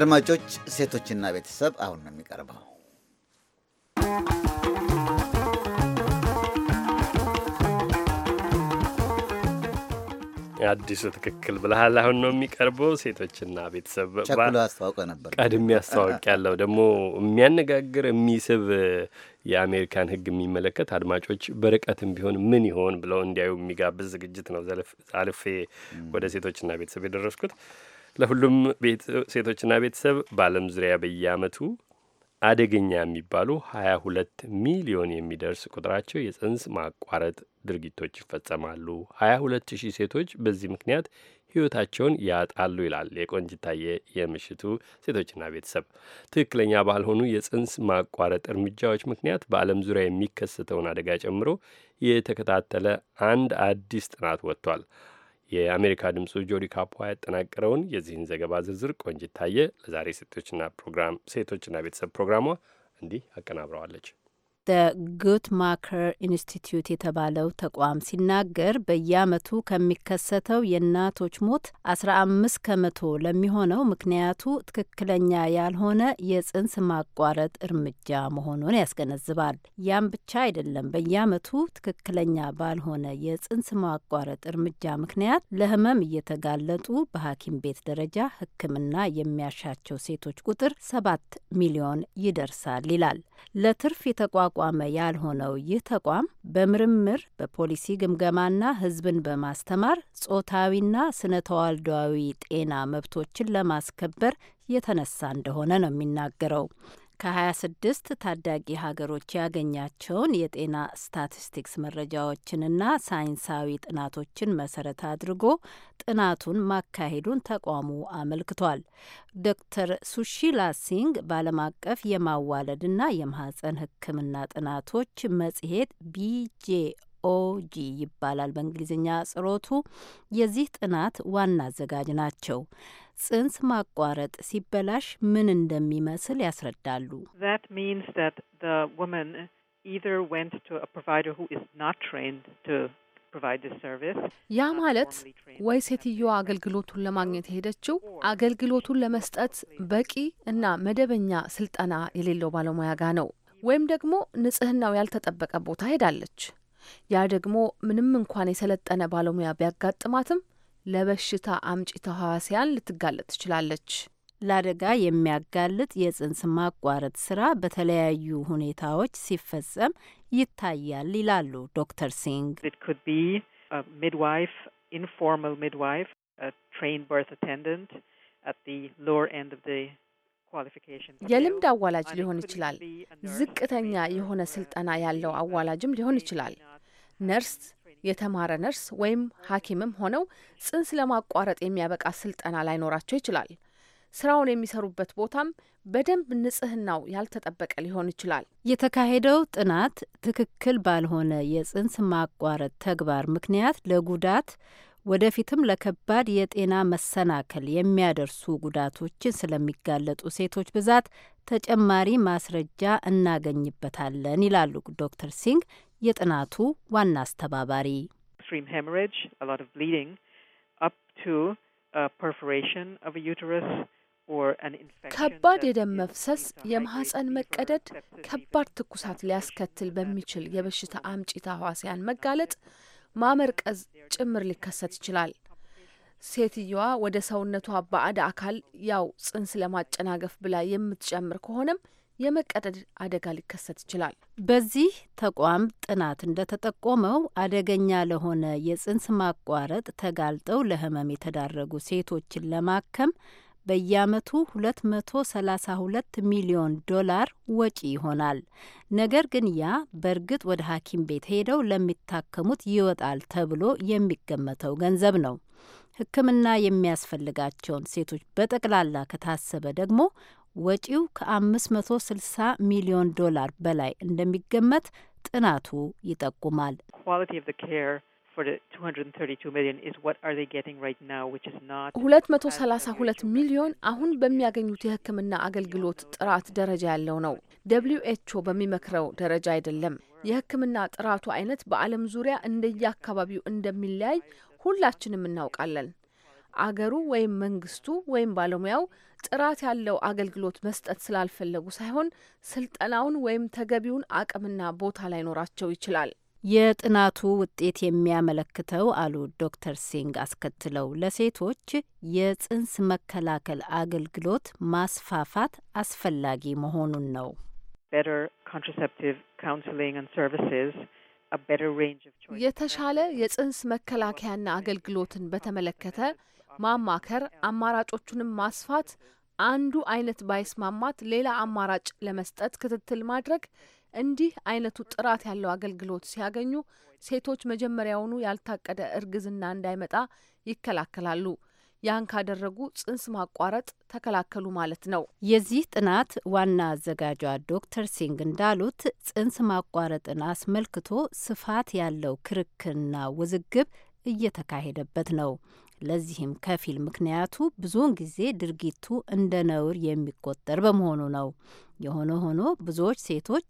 አድማጮች፣ ሴቶችና ቤተሰብ አሁን ነው የሚቀርበው። አዲሱ ትክክል ብለሃል። አሁን ነው የሚቀርበው። ሴቶችና ቤተሰብ ቸኩሎ አስተዋውቀ ነበር ቀድሜ አስተዋወቅ ያለው ደግሞ የሚያነጋግር የሚስብ የአሜሪካን ሕግ የሚመለከት አድማጮች በርቀትም ቢሆን ምን ይሆን ብለው እንዲያዩ የሚጋብዝ ዝግጅት ነው። አልፌ ወደ ሴቶችና ቤተሰብ የደረስኩት ለሁሉም ሴቶችና ቤተሰብ በዓለም ዙሪያ በየዓመቱ አደገኛ የሚባሉ 22 ሚሊዮን የሚደርስ ቁጥራቸው የጽንስ ማቋረጥ ድርጊቶች ይፈጸማሉ። 22 ሺህ ሴቶች በዚህ ምክንያት ሕይወታቸውን ያጣሉ ይላል የቆንጅታየ የምሽቱ ሴቶችና ቤተሰብ። ትክክለኛ ባልሆኑ የጽንስ ማቋረጥ እርምጃዎች ምክንያት በዓለም ዙሪያ የሚከሰተውን አደጋ ጨምሮ የተከታተለ አንድ አዲስ ጥናት ወጥቷል። የአሜሪካ ድምፁ ጆዲ ካፖ ያጠናቀረውን የዚህን ዘገባ ዝርዝር ቆንጅት ታየ ለዛሬ ሴቶችና ፕሮግራም ሴቶችና ቤተሰብ ፕሮግራሟ እንዲህ አቀናብረዋለች። ደ ጉትማከር ኢንስቲትዩት የተባለው ተቋም ሲናገር በየአመቱ ከሚከሰተው የእናቶች ሞት 15 ከመቶ ለሚሆነው ምክንያቱ ትክክለኛ ያልሆነ የጽንስ ማቋረጥ እርምጃ መሆኑን ያስገነዝባል። ያም ብቻ አይደለም። በየአመቱ ትክክለኛ ባልሆነ የጽንስ ማቋረጥ እርምጃ ምክንያት ለህመም እየተጋለጡ በሐኪም ቤት ደረጃ ሕክምና የሚያሻቸው ሴቶች ቁጥር ሰባት ሚሊዮን ይደርሳል ይላል። ለትርፍ የተቋ የተቋቋመ ያልሆነው ይህ ተቋም በምርምር በፖሊሲ ግምገማና ህዝብን በማስተማር ጾታዊና ስነ ተዋልዷዊ ጤና መብቶችን ለማስከበር የተነሳ እንደሆነ ነው የሚናገረው። ከ26 ታዳጊ ሀገሮች ያገኛቸውን የጤና ስታቲስቲክስ መረጃዎችንና ሳይንሳዊ ጥናቶችን መሰረት አድርጎ ጥናቱን ማካሄዱን ተቋሙ አመልክቷል። ዶክተር ሱሺላ ሲንግ በዓለም አቀፍ የማዋለድና የማህፀን ሕክምና ጥናቶች መጽሔት ቢጄ ኦጂ ይባላል በእንግሊዝኛ ጽሮቱ። የዚህ ጥናት ዋና አዘጋጅ ናቸው። ጽንስ ማቋረጥ ሲበላሽ ምን እንደሚመስል ያስረዳሉ። ያ ማለት ወይ ሴትዮዋ አገልግሎቱን ለማግኘት የሄደችው አገልግሎቱን ለመስጠት በቂ እና መደበኛ ስልጠና የሌለው ባለሙያ ጋ ነው፣ ወይም ደግሞ ንጽህናው ያልተጠበቀ ቦታ ሄዳለች። ያ ደግሞ ምንም እንኳን የሰለጠነ ባለሙያ ቢያጋጥማትም ለበሽታ አምጪ ተህዋሲያን ልትጋለጥ ትችላለች። ለአደጋ የሚያጋልጥ የጽንስ ማቋረጥ ስራ በተለያዩ ሁኔታዎች ሲፈጸም ይታያል ይላሉ ዶክተር ሲንግ። ሚድዋይፍ ኢንፎርማል ሚድዋይፍ አቴንደንት አት ሎወር ኤንድ ኦፍ የልምድ አዋላጅ ሊሆን ይችላል። ዝቅተኛ የሆነ ስልጠና ያለው አዋላጅም ሊሆን ይችላል። ነርስ፣ የተማረ ነርስ ወይም ሐኪምም ሆነው ጽንስ ለማቋረጥ የሚያበቃ ስልጠና ላይኖራቸው ይችላል። ስራውን የሚሰሩበት ቦታም በደንብ ንጽህናው ያልተጠበቀ ሊሆን ይችላል። የተካሄደው ጥናት ትክክል ባልሆነ የጽንስ ማቋረጥ ተግባር ምክንያት ለጉዳት ወደፊትም ለከባድ የጤና መሰናክል የሚያደርሱ ጉዳቶችን ስለሚጋለጡ ሴቶች ብዛት ተጨማሪ ማስረጃ እናገኝበታለን ይላሉ ዶክተር ሲንግ የጥናቱ ዋና አስተባባሪ። uh, ከባድ የደም መፍሰስ፣ የማህፀን መቀደድ፣ ከባድ ትኩሳት ሊያስከትል በሚችል የበሽታ አምጪ ተህዋሲያን መጋለጥ ማመርቀዝ ጭምር ሊከሰት ይችላል። ሴትየዋ ወደ ሰውነቷ ባዕድ አካል ያው ጽንስ ለማጨናገፍ ብላ የምትጨምር ከሆነም የመቀደድ አደጋ ሊከሰት ይችላል። በዚህ ተቋም ጥናት እንደተጠቆመው አደገኛ ለሆነ የጽንስ ማቋረጥ ተጋልጠው ለህመም የተዳረጉ ሴቶችን ለማከም በየአመቱ 232 ሚሊዮን ዶላር ወጪ ይሆናል። ነገር ግን ያ በእርግጥ ወደ ሐኪም ቤት ሄደው ለሚታከሙት ይወጣል ተብሎ የሚገመተው ገንዘብ ነው። ሕክምና የሚያስፈልጋቸውን ሴቶች በጠቅላላ ከታሰበ ደግሞ ወጪው ከ560 ሚሊዮን ዶላር በላይ እንደሚገመት ጥናቱ ይጠቁማል። ሁለት መቶ ሰላሳ ሁለት ሚሊዮን አሁን በሚያገኙት የሕክምና አገልግሎት ጥራት ደረጃ ያለው ነው። ደብሊው ኤችኦ በሚመክረው ደረጃ አይደለም። የሕክምና ጥራቱ አይነት በዓለም ዙሪያ እንደየአካባቢው እንደሚለያይ ሁላችንም እናውቃለን። አገሩ ወይም መንግስቱ ወይም ባለሙያው ጥራት ያለው አገልግሎት መስጠት ስላልፈለጉ ሳይሆን ስልጠናውን ወይም ተገቢውን አቅምና ቦታ ላይኖራቸው ይችላል። የጥናቱ ውጤት የሚያመለክተው አሉ ዶክተር ሲንግ አስከትለው ለሴቶች የጽንስ መከላከል አገልግሎት ማስፋፋት አስፈላጊ መሆኑን ነው። የተሻለ የጽንስ መከላከያና አገልግሎትን በተመለከተ ማማከር፣ አማራጮቹንም ማስፋት፣ አንዱ አይነት ባይስማማት ሌላ አማራጭ ለመስጠት ክትትል ማድረግ እንዲህ አይነቱ ጥራት ያለው አገልግሎት ሲያገኙ ሴቶች መጀመሪያውኑ ያልታቀደ እርግዝና እንዳይመጣ ይከላከላሉ። ያን ካደረጉ ጽንስ ማቋረጥ ተከላከሉ ማለት ነው። የዚህ ጥናት ዋና አዘጋጇ ዶክተር ሲንግ እንዳሉት ጽንስ ማቋረጥን አስመልክቶ ስፋት ያለው ክርክርና ውዝግብ እየተካሄደበት ነው። ለዚህም ከፊል ምክንያቱ ብዙውን ጊዜ ድርጊቱ እንደ ነውር የሚቆጠር በመሆኑ ነው። የሆነ ሆኖ ብዙዎች ሴቶች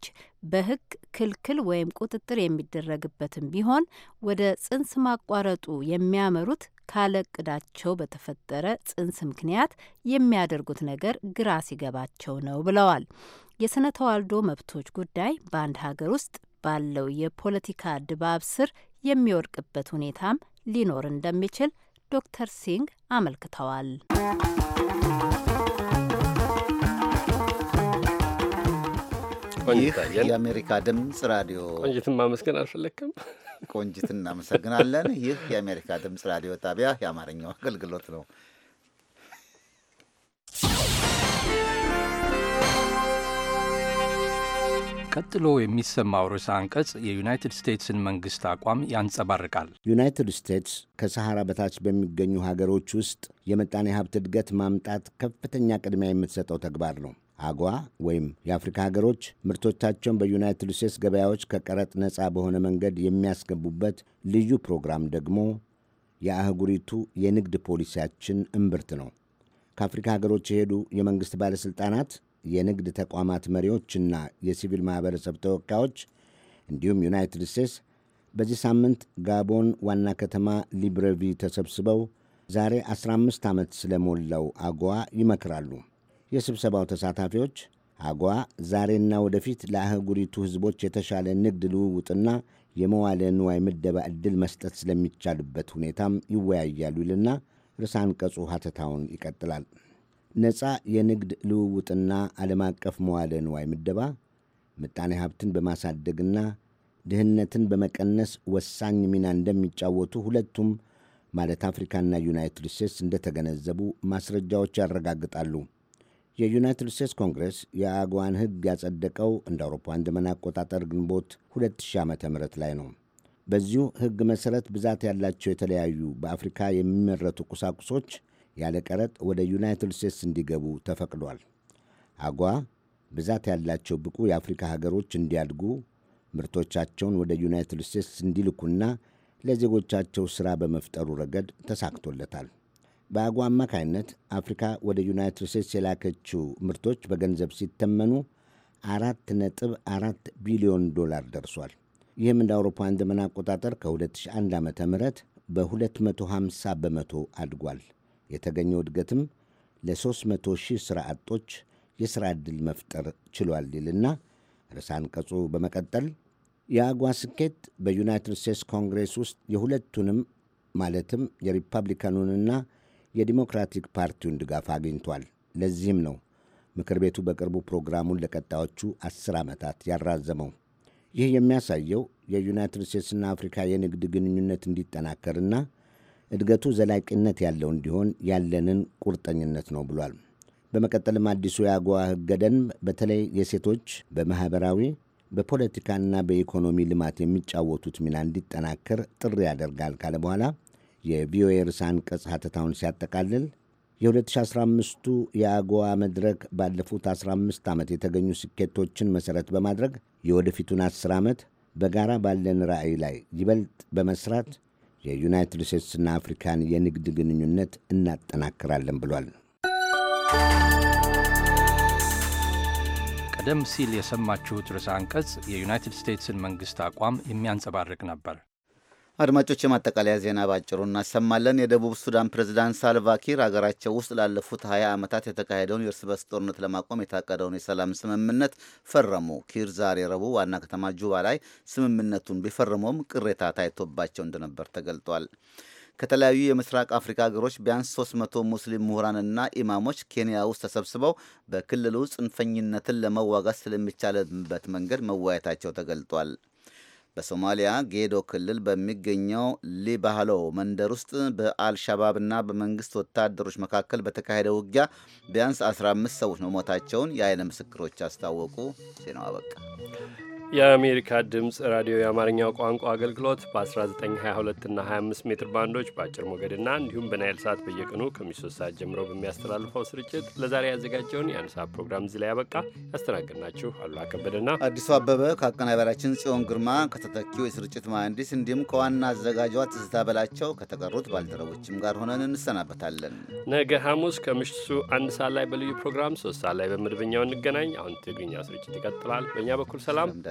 በሕግ ክልክል ወይም ቁጥጥር የሚደረግበትም ቢሆን ወደ ጽንስ ማቋረጡ የሚያመሩት ካለቅዳቸው በተፈጠረ ጽንስ ምክንያት የሚያደርጉት ነገር ግራ ሲገባቸው ነው ብለዋል። የስነ ተዋልዶ መብቶች ጉዳይ በአንድ ሀገር ውስጥ ባለው የፖለቲካ ድባብ ስር የሚወድቅበት ሁኔታም ሊኖር እንደሚችል ዶክተር ሲንግ አመልክተዋል። ይህ የአሜሪካ ድምፅ ራዲዮ ቆንጅትን ማመስገን አልፈለግክም? ቆንጅት እናመሰግናለን። ይህ የአሜሪካ ድምፅ ራዲዮ ጣቢያ የአማርኛው አገልግሎት ነው። ቀጥሎ የሚሰማው ርዕሰ አንቀጽ የዩናይትድ ስቴትስን መንግሥት አቋም ያንጸባርቃል። ዩናይትድ ስቴትስ ከሰሐራ በታች በሚገኙ ሀገሮች ውስጥ የመጣኔ ሀብት እድገት ማምጣት ከፍተኛ ቅድሚያ የምትሰጠው ተግባር ነው። አጓ ወይም የአፍሪካ ሀገሮች ምርቶቻቸውን በዩናይትድ ስቴትስ ገበያዎች ከቀረጥ ነፃ በሆነ መንገድ የሚያስገቡበት ልዩ ፕሮግራም ደግሞ የአህጉሪቱ የንግድ ፖሊሲያችን እምብርት ነው። ከአፍሪካ ሀገሮች የሄዱ የመንግሥት ባለሥልጣናት፣ የንግድ ተቋማት መሪዎችና የሲቪል ማኅበረሰብ ተወካዮች እንዲሁም ዩናይትድ ስቴትስ በዚህ ሳምንት ጋቦን ዋና ከተማ ሊብረቪ ተሰብስበው ዛሬ 15 ዓመት ስለሞላው አጓ ይመክራሉ። የስብሰባው ተሳታፊዎች አጓ ዛሬና ወደፊት ለአህጉሪቱ ሕዝቦች የተሻለ ንግድ ልውውጥና የመዋለ ንዋይ ምደባ ዕድል መስጠት ስለሚቻልበት ሁኔታም ይወያያሉ ይልና ርዕሰ አንቀጹ ሐተታውን ይቀጥላል። ነፃ የንግድ ልውውጥና ዓለም አቀፍ መዋለ ንዋይ ምደባ ምጣኔ ሀብትን በማሳደግና ድህነትን በመቀነስ ወሳኝ ሚና እንደሚጫወቱ ሁለቱም ማለት አፍሪካና ዩናይትድ ስቴትስ እንደተገነዘቡ ማስረጃዎች ያረጋግጣሉ። የዩናይትድ ስቴትስ ኮንግሬስ የአግዋን ሕግ ያጸደቀው እንደ አውሮፓውያን ዘመን አቆጣጠር ግንቦት 2000 ዓ ም ላይ ነው። በዚሁ ሕግ መሠረት ብዛት ያላቸው የተለያዩ በአፍሪካ የሚመረቱ ቁሳቁሶች ያለ ቀረጥ ወደ ዩናይትድ ስቴትስ እንዲገቡ ተፈቅዷል። አጓ ብዛት ያላቸው ብቁ የአፍሪካ ሀገሮች እንዲያድጉ ምርቶቻቸውን ወደ ዩናይትድ ስቴትስ እንዲልኩና ለዜጎቻቸው ሥራ በመፍጠሩ ረገድ ተሳክቶለታል። በአጎ አማካይነት አፍሪካ ወደ ዩናይትድ ስቴትስ የላከችው ምርቶች በገንዘብ ሲተመኑ አራት ነጥብ አራት ቢሊዮን ዶላር ደርሷል። ይህም እንደ አውሮፓውያን ዘመን አቆጣጠር ከ2001 ዓ ም በ250 በመቶ አድጓል። የተገኘው እድገትም ለ300 ሺህ ሥራ አጦች የሥራ ዕድል መፍጠር ችሏል ይልና ርዕሰ አንቀጹ በመቀጠል የአጓ ስኬት በዩናይትድ ስቴትስ ኮንግሬስ ውስጥ የሁለቱንም ማለትም የሪፐብሊካኑንና የዲሞክራቲክ ፓርቲውን ድጋፍ አግኝቷል። ለዚህም ነው ምክር ቤቱ በቅርቡ ፕሮግራሙን ለቀጣዮቹ አስር ዓመታት ያራዘመው። ይህ የሚያሳየው የዩናይትድ ስቴትስና አፍሪካ የንግድ ግንኙነት እንዲጠናከርና እድገቱ ዘላቂነት ያለው እንዲሆን ያለንን ቁርጠኝነት ነው ብሏል። በመቀጠልም አዲሱ የአጎዋ ሕገ ደንብ በተለይ የሴቶች በማኅበራዊ በፖለቲካና በኢኮኖሚ ልማት የሚጫወቱት ሚና እንዲጠናከር ጥሪ ያደርጋል ካለ በኋላ የቪኦኤ ርዕሰ አንቀጽ ሐተታውን ሲያጠቃልል የ2015ቱ የአጎዋ መድረክ ባለፉት 15 ዓመት የተገኙ ስኬቶችን መሠረት በማድረግ የወደፊቱን 10 ዓመት በጋራ ባለን ራዕይ ላይ ይበልጥ በመስራት የዩናይትድ ስቴትስና አፍሪካን የንግድ ግንኙነት እናጠናክራለን ብሏል። ቀደም ሲል የሰማችሁት ርዕሰ አንቀጽ የዩናይትድ ስቴትስን መንግሥት አቋም የሚያንጸባርቅ ነበር። አድማጮች የማጠቃለያ ዜና ባጭሩ እናሰማለን። የደቡብ ሱዳን ፕሬዝዳንት ሳልቫኪር አገራቸው ውስጥ ላለፉት ሀያ ዓመታት የተካሄደውን የእርስ በርስ ጦርነት ለማቆም የታቀደውን የሰላም ስምምነት ፈረሙ። ኪር ዛሬ ረቡዕ ዋና ከተማ ጁባ ላይ ስምምነቱን ቢፈርሙም ቅሬታ ታይቶባቸው እንደነበር ተገልጧል። ከተለያዩ የምስራቅ አፍሪካ ሀገሮች ቢያንስ 300 ሙስሊም ምሁራንና ኢማሞች ኬንያ ውስጥ ተሰብስበው በክልሉ ጽንፈኝነትን ለመዋጋት ስለሚቻልበት መንገድ መወያየታቸው ተገልጧል። በሶማሊያ ጌዶ ክልል በሚገኘው ሊባህሎ መንደር ውስጥ በአልሻባብና በመንግስት ወታደሮች መካከል በተካሄደ ውጊያ ቢያንስ 15 ሰዎች መሞታቸውን የአይነ ምስክሮች አስታወቁ። ዜናው አበቃ። የአሜሪካ ድምፅ ራዲዮ የአማርኛው ቋንቋ አገልግሎት በ1922 እና 25 ሜትር ባንዶች በአጭር ሞገድና እንዲሁም በናይል ሰዓት በየቀኑ ከምሽቱ ሰዓት ጀምሮ በሚያስተላልፈው ስርጭት ለዛሬ ያዘጋጀውን የአንድ ሰዓት ፕሮግራም እዚህ ላይ ያበቃ። ያስተናገድናችሁ አሉላ ከበደና አዲሱ አበበ ከአቀናባሪያችን ጽዮን ግርማ ከተተኪው የስርጭት መሐንዲስ እንዲሁም ከዋና አዘጋጇ ትዝታ በላቸው ከተቀሩት ባልደረቦችም ጋር ሆነን እንሰናበታለን። ነገ ሐሙስ ከምሽቱ አንድ ሰዓት ላይ በልዩ ፕሮግራም ሶስት ሰዓት ላይ በመደበኛው እንገናኝ። አሁን ትግርኛ ስርጭት ይቀጥላል። በእኛ በኩል ሰላም